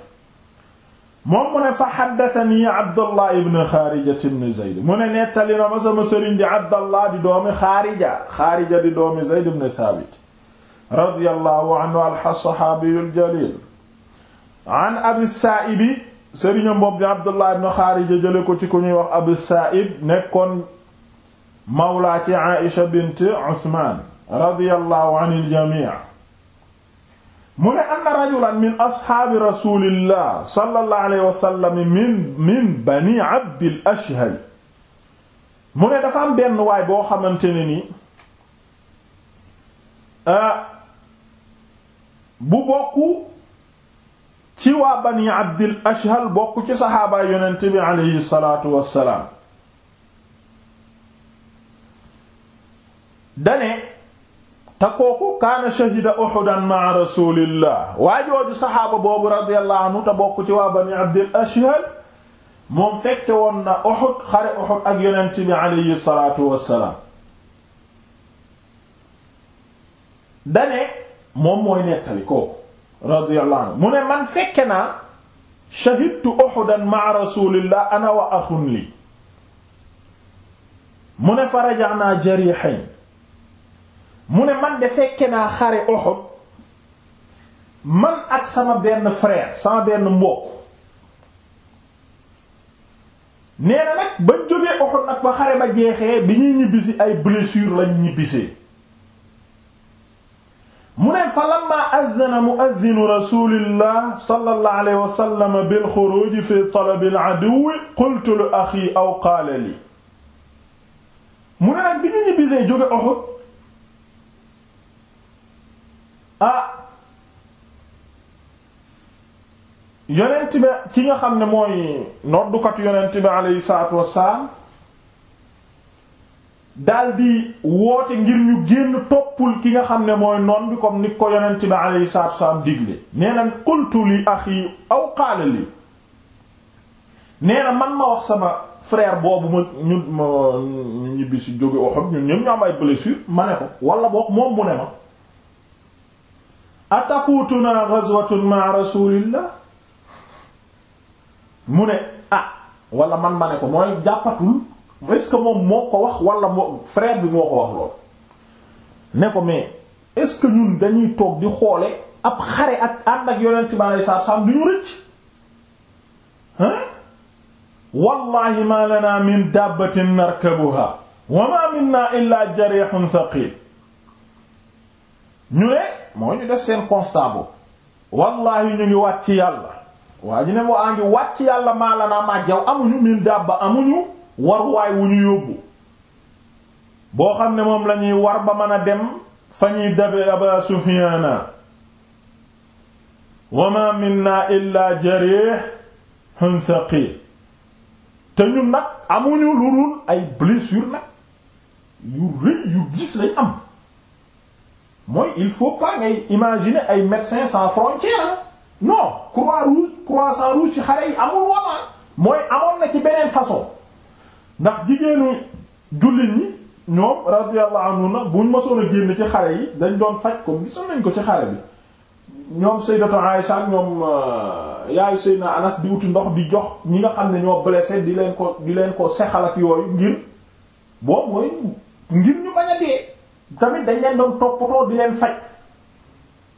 moom mu ne fa xaddasanii Abdullah ibn Xaarija ibn Zayd mu ne nettali na ma sama sëriñ di Abdallah di doomi Xaarija Xaarija di doomi Zayd ibn Saabit radiyallahu anhu as-sahaabiyul jaliil an Abi Saa'ib sëriñam boobu di Abdullah ibn Xaarija jële ko ci ku ñuy wax Abi Saa'ib nekkoon mawlaa ci Aïsha bint Usmaan radiyallahu anil jamii mu ne anna rajulan min asxaabi rasulillah sallallahu alayhi wa min bani abdil ashhal mu ne dafa benn waay boo xamante ni ah, bu bokk ci waa bani abdil ashhal bokk ci saxaabaa yonent bi aleyhi salaatu wassalaam dane te kooku kaana shahida uhudan ma'a rasulillah waa jooju saxaaba boobu radiyallahu anhu te bokk ci waa bani abdil ashhal moom fekke woon na uhud xare uhud ak yonent bi alayhi salatu wassalaam dane moom mooy nettali kooku radiyallahu anhu mu ne man fekke naa shahidtu uhudan ma'a rasulillah ana wa axun li mu ne faraja'na mu ne man de fekke naa xare Uhud man ak sama benn frère sama benn mbokk nee na nag bañ jógee Uhud nag ba xare ba jeexee bi ñuy ñibbisi ay blessure lañ ñibbisee mu ne fa lamma azzana muazzinu rasulillah sallallahu alayhi wa sallam bil xuruj fi talab al aduw qultu li axi aw qaala li mu ne nag bi ñu ñibbisee jóge Uhud ah yonent bi ki nga xam ne mooy noddukat yonent bi saato salaatu wassalaam daldi woote ngir ñu génn toppul ki nga xam ne mooy noon bi comme ni ko yonent bi aleyhi salaatu wassalaam digle nee na qultu li axi aw qaala li nee man ma wax sama frère boobu ma ñu ma ñibbi si jóge Uhud ñun ñëpp ñu am ay blessure ma ne ko wala boog moom mu ne ma atafuutunaa ghazwatun ma'a rasulillah mu ne ah wala man ma ne ko mooy jàppatul est moom moo ko wax wala moo frère bi moo ko wax lool ne ko mais est-ce que ñun dañuy toog di xoole ab xare ak ànd ak yonent bi alei satu salaam du ñu rëcc ah wallahi ma lana min dabbatin narkabuha wa ma minna illa jarihun thaqil ñu ne mooy ñu def seen constat boobu wallaahi ñu ngi wàcc yàlla waa ñu ne moo àndi wàcc yàlla maa la naa maa jaw amuñu min dàbba amuñu waruwaay wu ñu yóbbu boo xam ne moom lañuy war ba mën a dem fa ñuy dabe aba sufiyaana wa ma minna illa jarih hunthaqi te ñu nag amuñu lu dul ay blessure nag yu rëy yu gis lay am mooy il faut pas ngay imaginer ay médecins sans frontières non croix rouge croissant rouge ci xare yi amul woon ah. mooy amoon na ci beneen façon ndax jigéenu jullit ñi ñoom radiyallahu anhu na buñ mësoon a génn ci xare yi dañ doon faj ko gisoon nañ ko ci xare bi ñoom sayyidatu Aisha ak ñoom euh, yaayu sayyidina Anas di wuti ndox di jox ñi nga xam ne ñoo blessé di leen ko di leen ko sexal yooyu ngir boobu mooy ngir ñu bañ a dee tamit dañ leen doon toppatoo di leen faj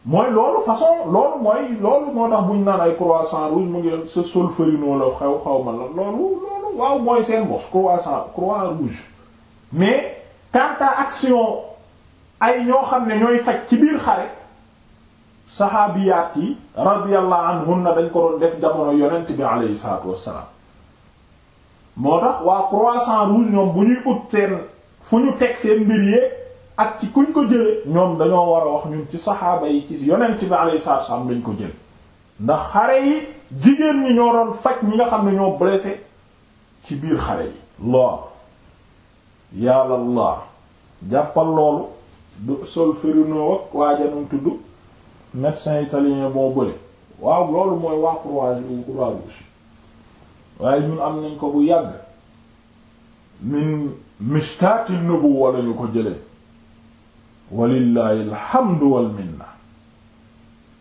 mooy loolu façon loolu mooy loolu moo tax buñ naan ay croissant rouge mu ngi sa solférino la xew xaw ma la loolu loolu waaw mooy seen bos croissant croix rouge mais quant action ay ñoo xam ne ñooy faj ci biir xare saxaabiyaat yi radiyallahu na dañ ko def jamono yonent bi alayhi salaatu wassalaam moo tax waa croissant rouge ñoom bu ñuy ut seen fu ñu teg seen mbir yee ak ci kuñ ko jële ñoom dañoo war a wax ñun ci saxaaba yi ci yonent bi alayhi salaatu wasallam ko jël ndax xare yi jigéen ñi ñoo doon faj ñi nga xam ne ñoo blessé ci biir xare yi loo yàlla laa jàppal loolu du Solferino ak waa janum tudd médecin italien boo bële waaw loolu mooy waa Croix-Rouge waaye ñun am nañ ko bu yàgg min mishkaati nubuwwa lañu ko jële walillahi alhamdu wal minna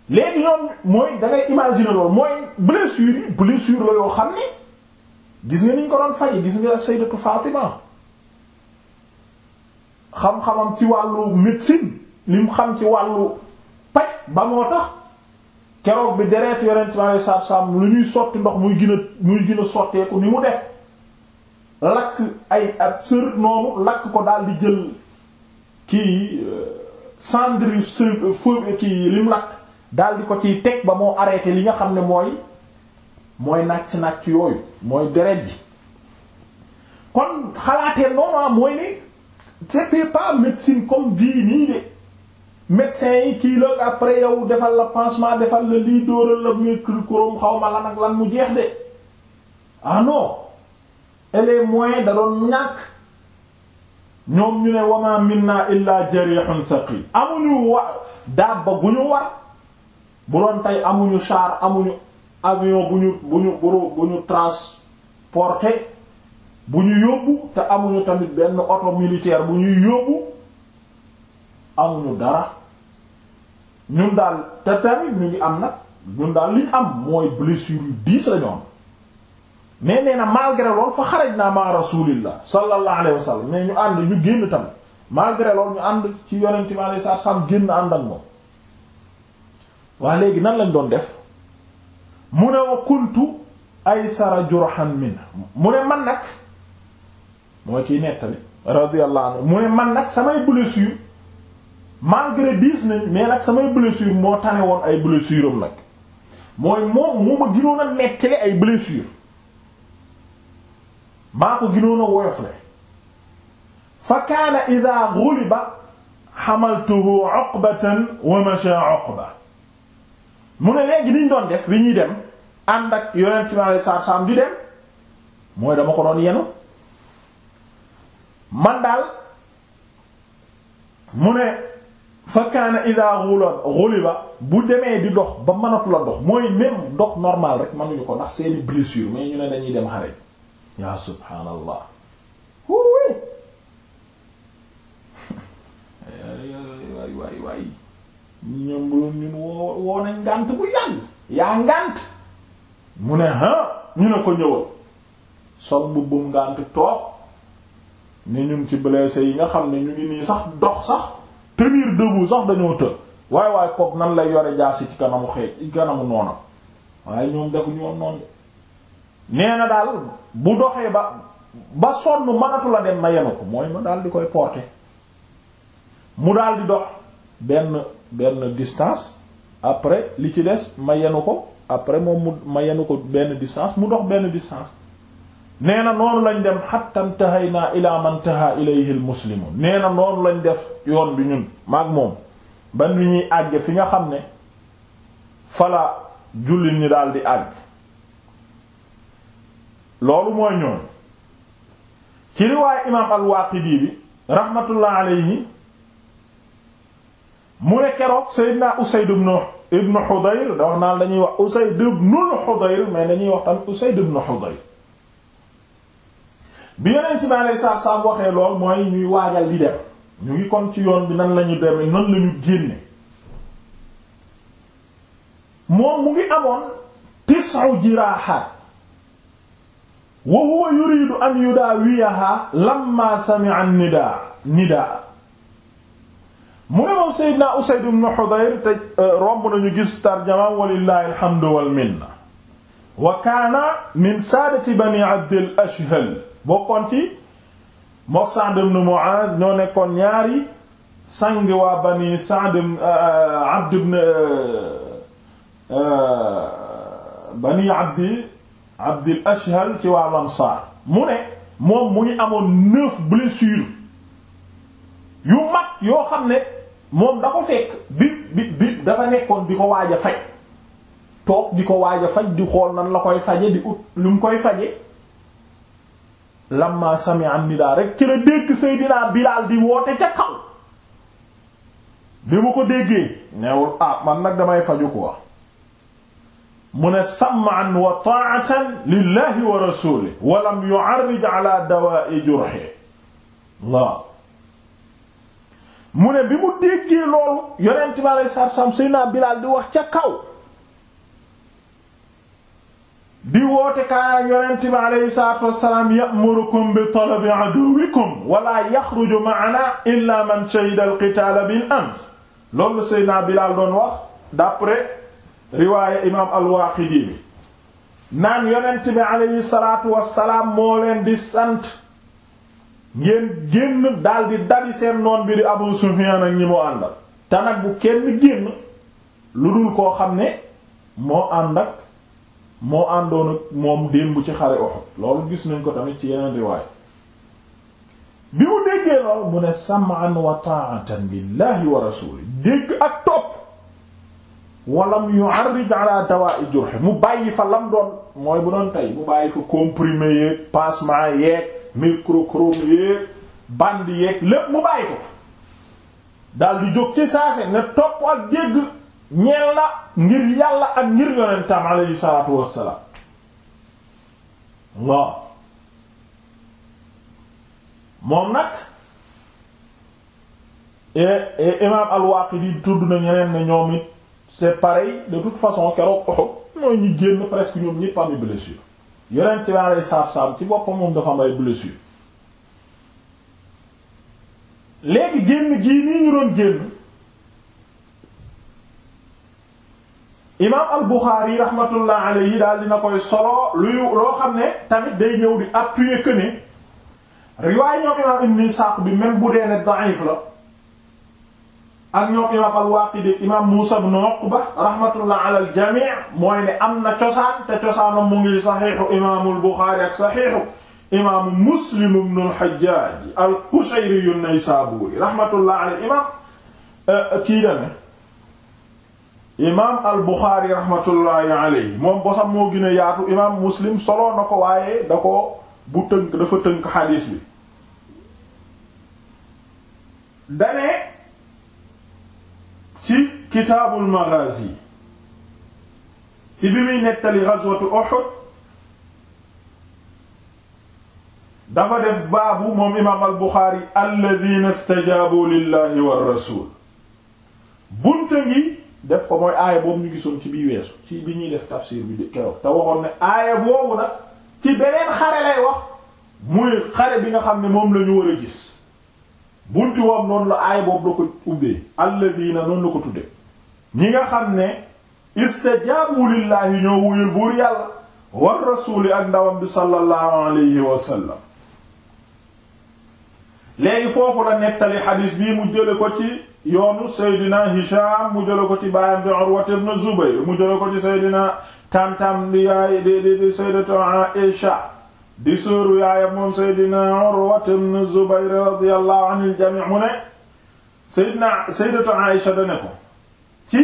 léegi ñoom mooy da ngay loolu mooy blessure yi blessure la yoo xam ne gis nga ni ko doon faje gis nga sayyidatu Fatima xam-xamam ci wàllu médecine lim xam ci wàllu paj ba moo tax keroog bi dereet yonent ma saab saab lu ñuy sotti ndox muy gën muy gën a sotteeku ni mu def lakk ay ab sër noonu lakk ko daal di jël kii euh, cendre feu kii lim lakk daal di ko ci teg ba moo arrêté li nga xam ne mooy mooy nàcc-nàcc yooyu mooy deret ji kon xalaatee noonu ah mooy ne c'était pas médecine comme bii nii de médecin yi kii la après yow defal la pansement defal la lii dóoral la mercure chrome xaw ma lan ak lan mu jeex de ah non et da doon ñàkk ñoom ñu ne wama minna illa jarihun saqi amuñu wa dabba bu ñu war bu doon tey amuñu char amuñu avion bu ñu bu ñu bu ñu transporté bu ñu yóbbu te amuñu tamit benn oto militaire bu ñuy yóbbu amuñu dara ñun daal te tamit ñu ngi am nag ñun daal liñ am mooy blessure yu diis la ñoom mais nee na malgré loolu fa xaraj naa ma rasulillah sallallahu alayhi wa sallam mais ñu ànd ñu génn tam malgré loolu ñu ànd ci yonent bi alayhi salaatu salaam génn ànd ak moom waa léegi nan lañ doon def mu ne wa kuntu aysara jurhan min mu ne man nag mooy kiy nettali radiyallahu anhu mu ne man nag samay blessure malgré diis nañ mais nag samay blessure moo tane woon ay blessure am nag mooy moom moo ma gënoon a nettali ay blessure maa ko ginoon a woyof le fa kaana ida ghuliba hamaltuhu uqbatan wa masha mu ne léegi niñ doon def bi ñuy dem ànd ak yonent bi alayhi salaatu salaam di dem mooy dama ko doon yenu man daal mu ne fa kaana ida ghuliba bu demee di dox ba mënatu la dox mooy même dox normal rek mënuñu ko ndax seeni blessure mais ñu ne dañuy dem xare yaa subhaanallah wuuwe waay waay waay ñu ñun woo woo nañ ngànt bu yàgg yaa ngànt mu ne ha ñu ne ko ñëwal sol mbubbum ngànt toog ne ñun ci blessé yi nga xam ne ñu ngi nii sax dox sax tenir debout sax dañoo të waaye waaye kook nan lay yore jaasi ci kanamu xeej ci kanamu noonam waaye ñoom defuñu woon nee na daal bu doxee ba ba sonn mënatu la dem ma yenu ko mooy ma daal di koy porter mu daal di dox benn benn distance après li ci des ma yenu ko après moom mu ma yenu ko benn distance mu dox benn distance nee na noonu lañ dem hatta ntahaynaa ila man taha ilayhi al nee na noonu lañ def yoon bi ñun maag moom ba nu ñuy àgg fi nga xam ne fala jullit ñi daal di àgg loolu mooy ñoom ci riwaay imaam al-Waaqidi bi rahmatullah alayhi mu ne keroog Seydina Usayd ibn ibn Hudayr da wax naan dañuy wax Usayd ibn Hudayr mais dañuy wax tamit Usayd ibn Hudayr bi yeneen ci maa lay saab saab waxee lool mooy ñuy waajal di dem ñu ngi kon ci yoon bi nan lañu demee nan lañu génne moom mu ngi amoon tis'u jiraahaat wa huwa yuridu an yudaawiyaha lamma sami'a nidaa nidaa mu ne moom Seydina Usayd ibn Hudayr te euh, romb nañu gis tarjama walillahi alhamdu wal minna wa kaana min saadati bani Abdil Ashhal bokkoon ci mook Sa'd ibn Mu'aaz ñoo nekkoon ñaari sang waa bani Sa'd euh, Abd ibn euh, bani Abdi Abdul Ashhal ci waa Ansaar mu ne moom mu ngi amoon neuf blessures yu mag yoo xam ne moom da ko fekk bi bi bi dafa nekkoon di ko waaj a faj toog di ko waaj a faj di xool nan la koy faje di ut lu mu koy faje lamma sami'a nidaa rek ci la dégg Seydina Bilaal di woote ca kaw bi mu ko déggee neewul ah man nag damay faju quoi mu ne sam'an wa ta'atan lillahi wa rasulihi wa lam yu'arrij ala dawa'i jurhi waaw mu ne bi mu déggee loolu yonent bi alayhi salaatu salaam Seydina Bilaal di wax ca kaw di woote kaa yonent bi alayhi salaatu wassalaam ya'murukum bi talabi aduwwikum wa laa yaxruju ma'anaa illaa man shahida al-qitaala bil ams loolu Seydina Bilaal doon wax d'après riwaaya imaam al-Waaqidi bi naan yonent bi aleyhi salaatu wassalaam moo leen di sant ngeen génn daldi dabi seen noon bi di Abu Sufyaan ak ñi moo bu kenn génn koo xam ne moo ànd ak moo àndoon ak moom démb ci xare Uhud loolu gis nañ ko tamit ci yeneen riwaaya bi mu déggee loolu mu ne sam'an wa ta'atan lillahi wa rasuuli dégg ak topp walam yu'arrij ala dawaa'i jurh mu bàyyi fa lam doon mooy bu doon tey mu bàyyi fa comprimé yeeg pansement yeeg microchrome yeeg band yeeg lépp mu bàyyi ko fa daal jóg ci saase ne topp ak dégg ñeel na ngir yàlla ak ngir yonentam alayhi wassalaam moom nag e, e, imaam al-Waaqidi tudd na ñeneen ne ñoom it c'est pareil de toute façon keroog Uhud mooy ñu génn presque ñoom ñépp am blessure yonent ci lay saaf-saaf ci boppam moom dafa am ay blessure léegi génn gii nii ñu doon génn imaam al-Bukhari rahmatullah alayhi daal dina koy solo luy loo xam ne tamit day ñëw di appuyer que riwaay ñoom imaam Ibn Sa'd bi même bu dee ne la ak ñoom imaam al-Waaqidi imaam Muusaa ibn Uqba rahmatullah ala al-jamii' mooy ne am na cosaan te cosaanam mu ngi saxiixu imaamul Buxaari ak saxiixu imaamu Muslim ibn al-Hajjaaj al-Qushayri an-Naysaabuuri rahmatullah alayhi imaam eh, eh, kii dane imaam al-Buxaari rahmatullahi alayhi moom bosam moo gën a yaatu imaam Muslim solo na ko waaye da ko bu tënk dafa tënk xadiis bi dane ci kitaabul maghazi ci bi muy nettali ghazwatu Uhud dafa def baabu moom imaam al Buxaari alladhina istajaabu lillahi war bunta ngi def ko mooy aaya boobu ñu gisoon ci bii weesu ci bi ñuy def tafsir bi keroog te waxoon ne aaya boobu nag ci beneen xare lay wax muy xare bi nga xam ne moom lañu ñu gis bunti woom noonu la boobu la ko ubbee alladina noonu la ko tudde ñi nga xam ne istajaabu lillaahi ñoo wuyul buur yàlla war rasuuli ak ndawam bi sallallahu alayhi wa sallam léegi foofu la nettali xadiis bii mu jële ko ci yoonu Seydina Hisham mu jële ko ci baayam di Urwa ibn Zubayr mu jële ko ci Seydina tamtam di yaay di di Sayyidatu Aisha di sóoru yaayam moom seydina Urwat ibn Zubayr radiyallahu anil jami' mu ne seydina sayyidatu Aïsha dane ko ci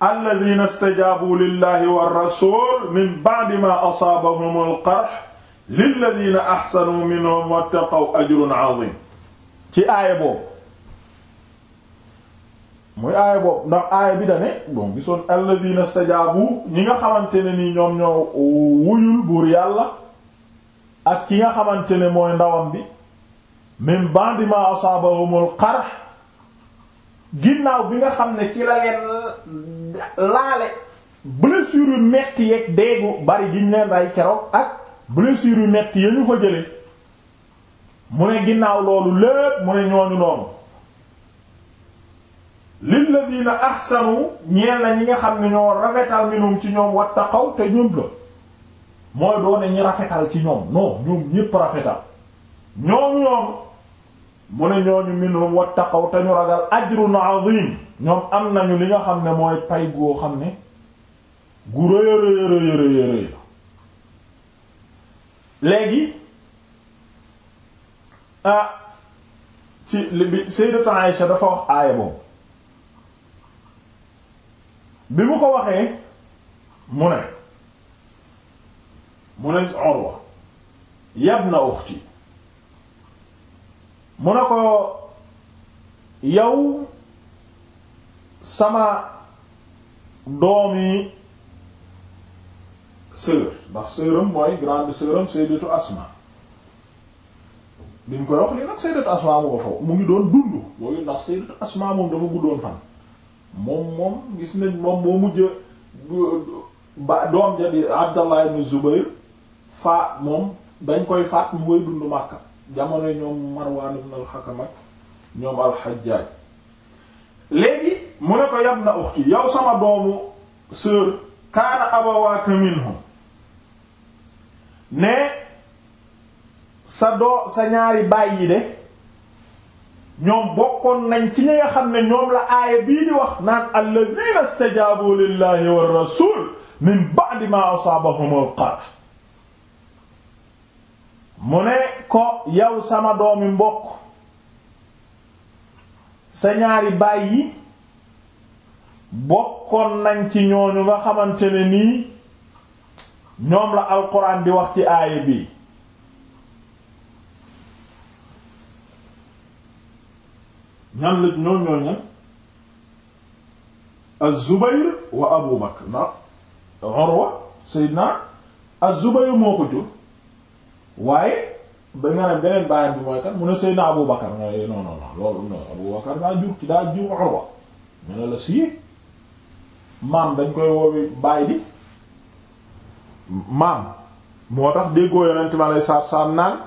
alladhina istajaabu lillahi war rasul min ba'di ma asaabahum al qarh lilladhina ahsanu minhum wattaqaw ajrun 'azim ci aaya boobu muy aaya boobu ndax aaya bi da ne bon gisoon na stajaabu ñi nga xamante ne nii ñoom ñoo wuyul buur yàlla ak ki nga xamante ne mooy ndawam bi min ba'di ma asaabahumul qarh ginnaaw bi nga xam ne ci la leen laale blessure yu metti yeeg deegu bari giñ leen ay keroog ak blessure yu metti ya ñu fa jële mu ne ginnaaw loolu lépp mu ne ñooñu noonu la lilladina ahsanu ñeen na ñi nga xam ne ñoo rafetal minum ci ñoom taxaw te ñun la mooy doone ñi rafetal ci ñoom non ñoom ñépp rafetal ñoom ñoom mu ne ñooñu minum wattaqaw te ñu ragal ajrun azim ñoom am nañu li nga xam ne mooy pay goo xam ne gu rëy rëy rëy rëy léegi ah ci li bi Sayyidatu Aïsha dafa wax aaya boobu bi mu ko waxee mu ne mu ne Urwa yabna ukhti mu ne ko yow sama doomi sœur ndax sœuram mooy grande sœuram Sayyidatu Asma bi mu koy wax li nag Sayyidatu Asma mu ngi doon dund mooy ndax Sayyidatu Asma moom dafa guddoon fan moom moom gis nañ moom moo mujj ba doom ja di Abdallah ibn Zubayr faat moom dañ koy faat mu koy dund Makka jamono ñoom Marwan ibn al ñoom al léegi mu ne ko yab na uxti yow sama doomu sœur kaana abawaaka ne sa doo sa ñaari baay yi de ñoom bokkoon nañ ci ñi nga xam ne ñoom la aaya bii di wax naan alladina stajaabu lillahi war rasul min mu ne ko yow sama doomi mbokk sa ñaari baay bokkoon nañ ci ñooñu nga xamante ne nii ñoom la alquran di wax ci aaya bii ñan la ñoom ñoo ñan wa Abu Bakr na Urwa Seydina az-Zubayr moo ko jur waaye beneen bàyyam bi mooy kan mu ne Seydina Abu Bakr nga ne non loolu non Abu Bakr daa jur ci daa jur Urwa mu la sii maam dañ koy woowi baay bi maam moo tax déggoo yonent ma lay saab saab naan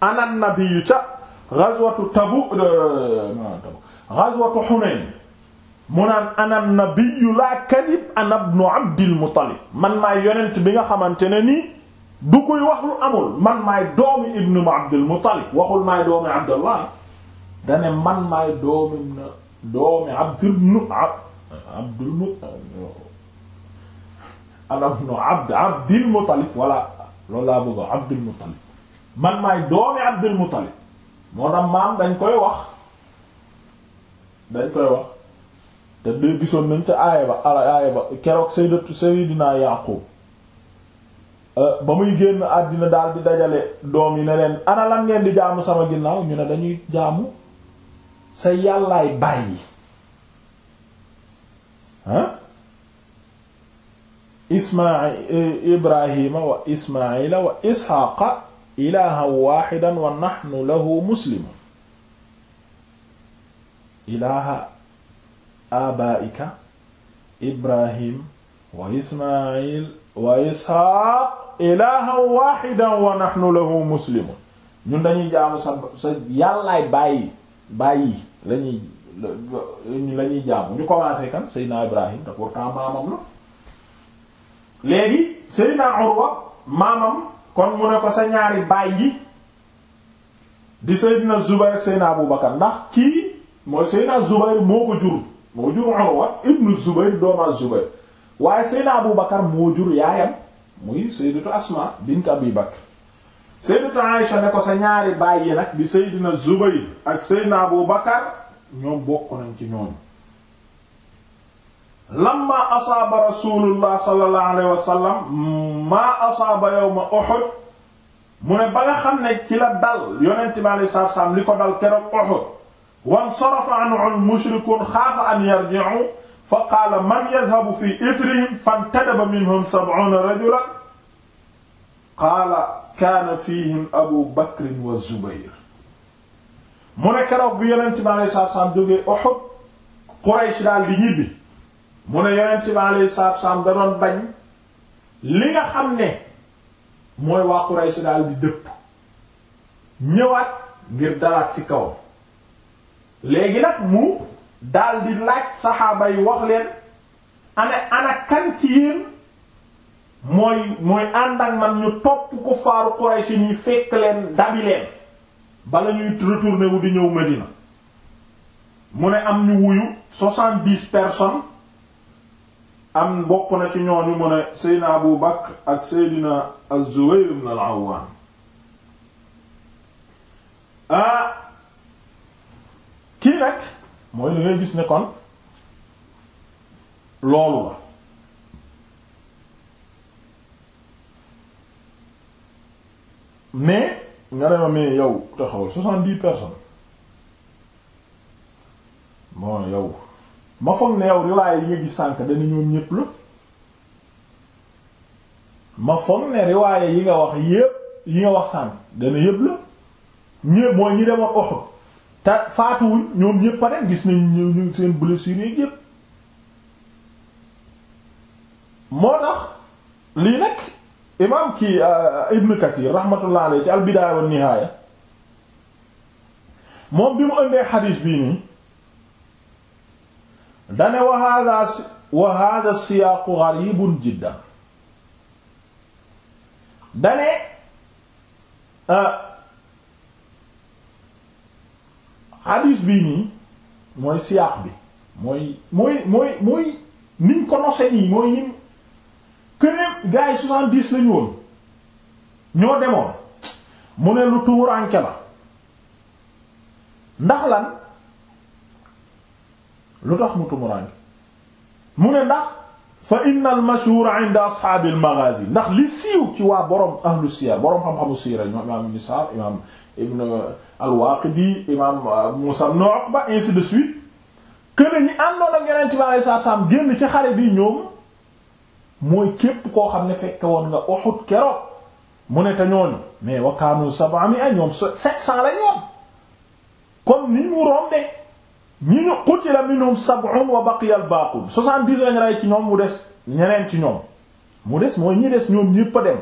anan nabi ca ghazwatu Tabuk euh, ghazwatu Hunayn mu naan ana nabiyyu laa kadib ana ibnu Abdil Muttalib man maay yonent bi nga xamante ne nii du koy wax lu amul man maay doomi ibnu Abdil Muttalib waxul maay doomi Abdallah dane man maay doomi doomi Abdil nu Abdul mu alam nu Abd Abdil Muttalib walla loolu laa bëgg Abdil Muttalib man maay doomi Abdil Muttalib moo tax maam dañ koy wax dañ koy wax te de gisoon nañ ca aaya ba aaya ba keroog sayyidatu sayyidina Yaqub euh, ba muy génn àddina daal di dajale doom yi ne leen ana lan ngeen di jaamu sama ginnaaw ñu ne dañuy jaamu sa yàllaay bàyyi ah ismaa ibrahima wa ismaila wa isxaqa ilahan waxidan wa nahnu lahu muslimun ilaha abaika ibrahim wa ismail wa isxaaq ilahan waxidan wa nahnu lahu muslimun ñun dañuy jaamu sa sa yàllaay bàyyi bàyyi lañuy la ñuy jaamu ñu commencé kan Seydina Ibrahim te pourtant maamam la léegi Seydina Urwa maamam kon mu ne ko sa ñaari baay yi di Seydina Zubayr ak Seydina Abu Bakar ndax kii mooy Seydina Zubayr moo ko jur moo jur Urwa ibnu Zubayr doomaa Zubayr waaye Seydina Abu Bakar moo jur yaayam muy Sayyidatu Asma bint Abi Bakr Sayyidatu Aisha ne ko sa ñaari baay yi nag di Seydina Zubayr ak Seydina Abu Bakar ñoom bokk nañ ci ñoom lamma asaaba rasulullah sallallahu alayhi wa sallam maa asaaba yawma Uhud mu ne ba nga xam ne ci la dal yonent bi alayhi salaatu salaam li ko dal keroog Uhud wan sarafa anhu al-mushrikuun xaafa an yarji'u fa qaala man yadhabu fii ithrihim fantadaba minhum sab'uuna rajulan qaala kaana fiihim Abu Bakr wa Zubayr mu ne keroog bi yonent bi alayhi salaatu salaam jógee Uhud Quraysh daal di ñibbi mu ne yonent ci alayhi salaatu salaam da bañ li nga xam ne mooy waa Quraysh daal di dëpp ñëwaat ngir dalaat ci kaw léegi nag mu daldi di laaj saxaaba yi wax leen ana ana ci yéen mooy mooy ànd ak man ñu topp ko faaru Quraysh ñu fekk leen dabi bala ñuy retourné wu di ñëw Medina mu ne am ñu wuyu soixante-dix personnes am bokk na ci ñooñu mu ne seydina abu bakr ak seydina az-zubayr ibn al-awwam ah, kii nag mooy li ngay gis ne kon loolu la mais nga ne ma mais yow taxawal soixante-dix personnes bon yow ma foog ne yow riwaaya yi nga gis sànk dana ñoom ñépp la ma foog ne riwaaya yi nga wax yépp yi nga wax sànk dana yépp la ñépp mooy ñi demoon Uhud te faatuwuñ ñoom ñépp a gis nañ ñu ñu seen blessure yi yépp moo tax lii nag imaam kii euh, Ibn Kathir rahmatullah alayhi ci al-Bidaaya nihaaya moom bi mu ëndee xadiis bii nii dane wa hada wa hada siyaaqu gharibun jiddan dane xadiis bii nii mooy siyaaq bi mooy mooy mooy mooy niñ ko nii mooy niñ kënee gars yi soixante-dix lañu woon ñoo demoon mu ne lu tuuranke la ndax lan lu tax mu tumuraange mu ne ndax fa inna al mashhur inda ndax li siiw ci waa borom ahlu siyar borom xam-xamu siira ñoom imaam ibn Sa'd imaam ibn al-Waaqidi imaam Muusaa ibn Uqba ainsi de ci xare bi ñoom mooy képp koo xam ne fekke mu ne te ñooñu mais wa kaanu sab'a mi'a ñoom sept cent la rombee. ñi ñu qutila minhum sab'un wa baqiya al-baaqun soixante-dix lañ ci ñoom mu des ñeneen ci ñoom mu des mooy ñi des ñoom ñépp a dem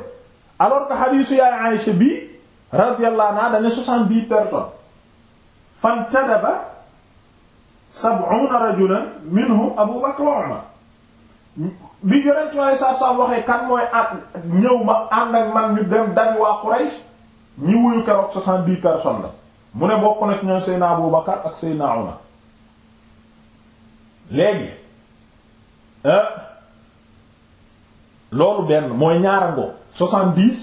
alors que hadiisu yaay Aïcha bi radiyallahu anha dane soixante-dix personnes fantadaba sab'una rajulan minhum Abu wa Umar bi yonent waaye saab saab waxee kan mooy at ñëw ma ànd ak man ñu dem waa Quraysh ñi wuyu keroog soixante-dix personnes la mu ne bokk na ci ñoom Seydina Abu ak Seydina Umar léegi euh, loolu benn mooy ñaarango soixante-dix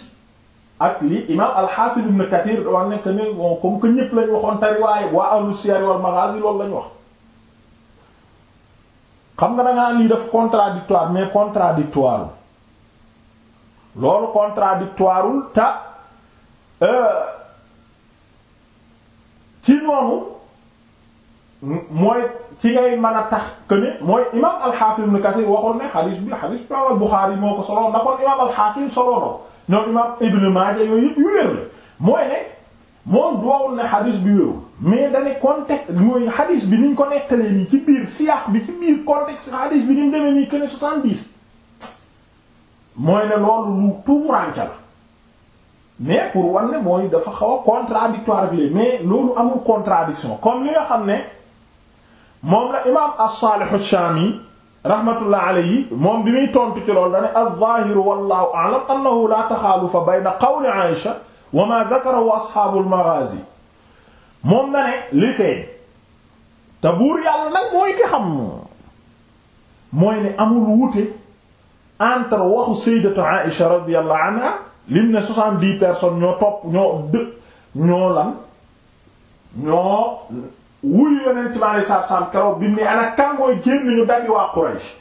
ak li imaam al-Hafiz Ibn Kathir wax nekk ni bon comme que ñëpp lañ waxoon tariwaay waa ahlu siyar wal maghazi loolu lañ wax xam nga da ngaa lii def contradictoire mais contradictoire loolu contradictoire ta euh, ci noonu mooy ci ngay man a tax que mooy imam al-Hafiz Ibn Kathir waxoon ne xadis bi xadis bi imam al-Bukhari moo ko solo na kon imam al-Hakim solo na ñoom imam yooyu yu wér mooy ne moom doowul ne xadis bi wérul mais dane contexte mooy xadis bi niñ ko nettalee nii ci biir siyaax bi ci biir contexte xadis bi niñ demee nii que ne 70 mooy ne loolu lu tuumuranke la mais pour wan ne mooy dafa xaw a contradictoire bi mais loolu amul contradiction li nga xam ne moom la imaam as-Saalih ash-Shaami rahmatullah alayhi moom bi muy tontu ci loolu dane az-zaahiru wallaahu a'lam annahu laa taxaalufa bayna qawli Aïsha wa maa dakarahu asxaabul maghaazi moom na ne li feeñ te buur yàlla nag mooy ki xam mooy ne amul wuute entre waxu sayyidatu Aïsha radiyallahu anha lim ne soixante-dix personnes ñoo topp ñoo dë ñoo lan ñoo wuyu yonent bi alayhi salaatu salaam keroog bi mu ne ana mooy génn ñu dabi waa Quraysh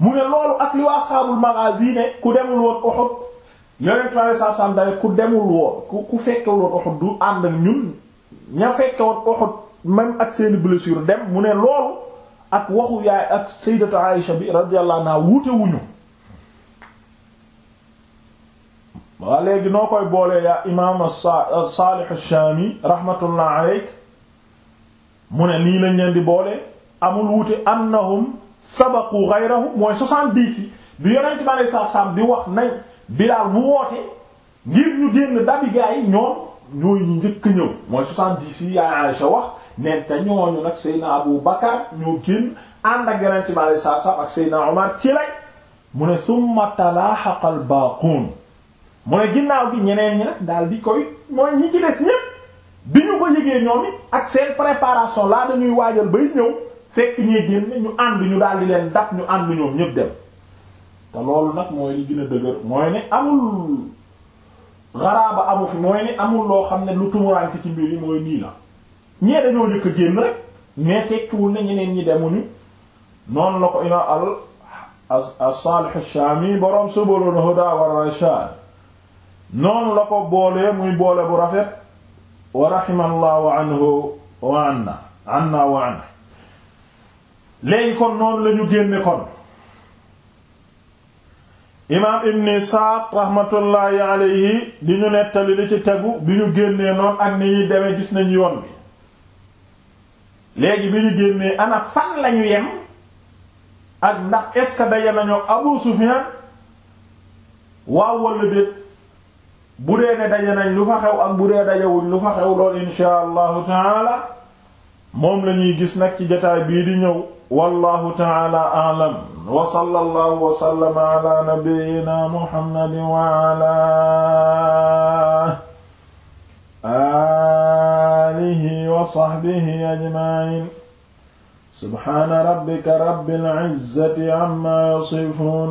mu ne loolu ak li waa saabul maghazi ku demul woon Uhud yonent bi alayhi salaatu salaam dane ku demul ku ku fekke du ànd ak ñun ña fekke woon Uhud ak seeni blessure dem mu ne loolu ak waxu yaay ak sayyidatu Aisha bi radiyallahu anha wuute waa léegi noo koy boolee yaa imaam as-Salih ash-Shami mu ne nii lañ leen di boole amul wuute annahum sabaqu ghayrahum mooy soixante-dix yi bi yonent bi alei satu salaam di wax nañ Bilaal mu woote ngir ñu génn dabi gaa yi ñoom ñooy njëkk ñëw mooy soixante-dix yi yaay Aysa wax neen te ñooñu nag Seydina Abu Bakar ñoo génn ànd ak yonent bi alei satu salaam ak Seydina Omar ci lay mu ne summa talaaxaqal baaquun mu ne ginnaaw bi ñeneen ñi daal di koy mooy ñi ci des ñépp bi ñu ko yëgee ñoom it ak seen préparation laa dañuy waajal bay ñëw fekk ñuy génn ñu ànd ñu daal leen dab ñu ànd ñoom ñëpp dem te loolu nag mooy li gën a dëgër mooy ne amul xaraaba amu fi mooy ne amul loo xam ne lu tumuraanke ci mbir yi mooy nii la ñee dañoo njëkk a génn rek mais tekkiwul na ñeneen ñi demuñu noonu la ko ina al as-Salih shami borom Subulul Huda war Rashad noonu la ko boolee muy boole bu rafet wa rahimallahu anhu wa anna anna wa anna léegi kon noonu la génne kon imaam ibn Isaaq rahmatullahi alayhi di ñu nettali li ci tegu bi ñu génnee noonu ak ni ñuy demee gis nañu yoon bi léegi bi ñu génnee ana fan lañu yem ak ndax est ce que daje nañoo Abu Sufyan waaw bu dee ne daje nañ lu fa xew ak bu dee dajewuñ lu fa xew lool insha allahu taala moom la ñuy gis nag ci jotaay bii di ñëw wallahu taala a'lam wa sallallahu wa sallama ala nabiyyina muhammadin wa ala alihi wa sahbihi ajma'in subhana rabbika rabbil izzati amma yasifun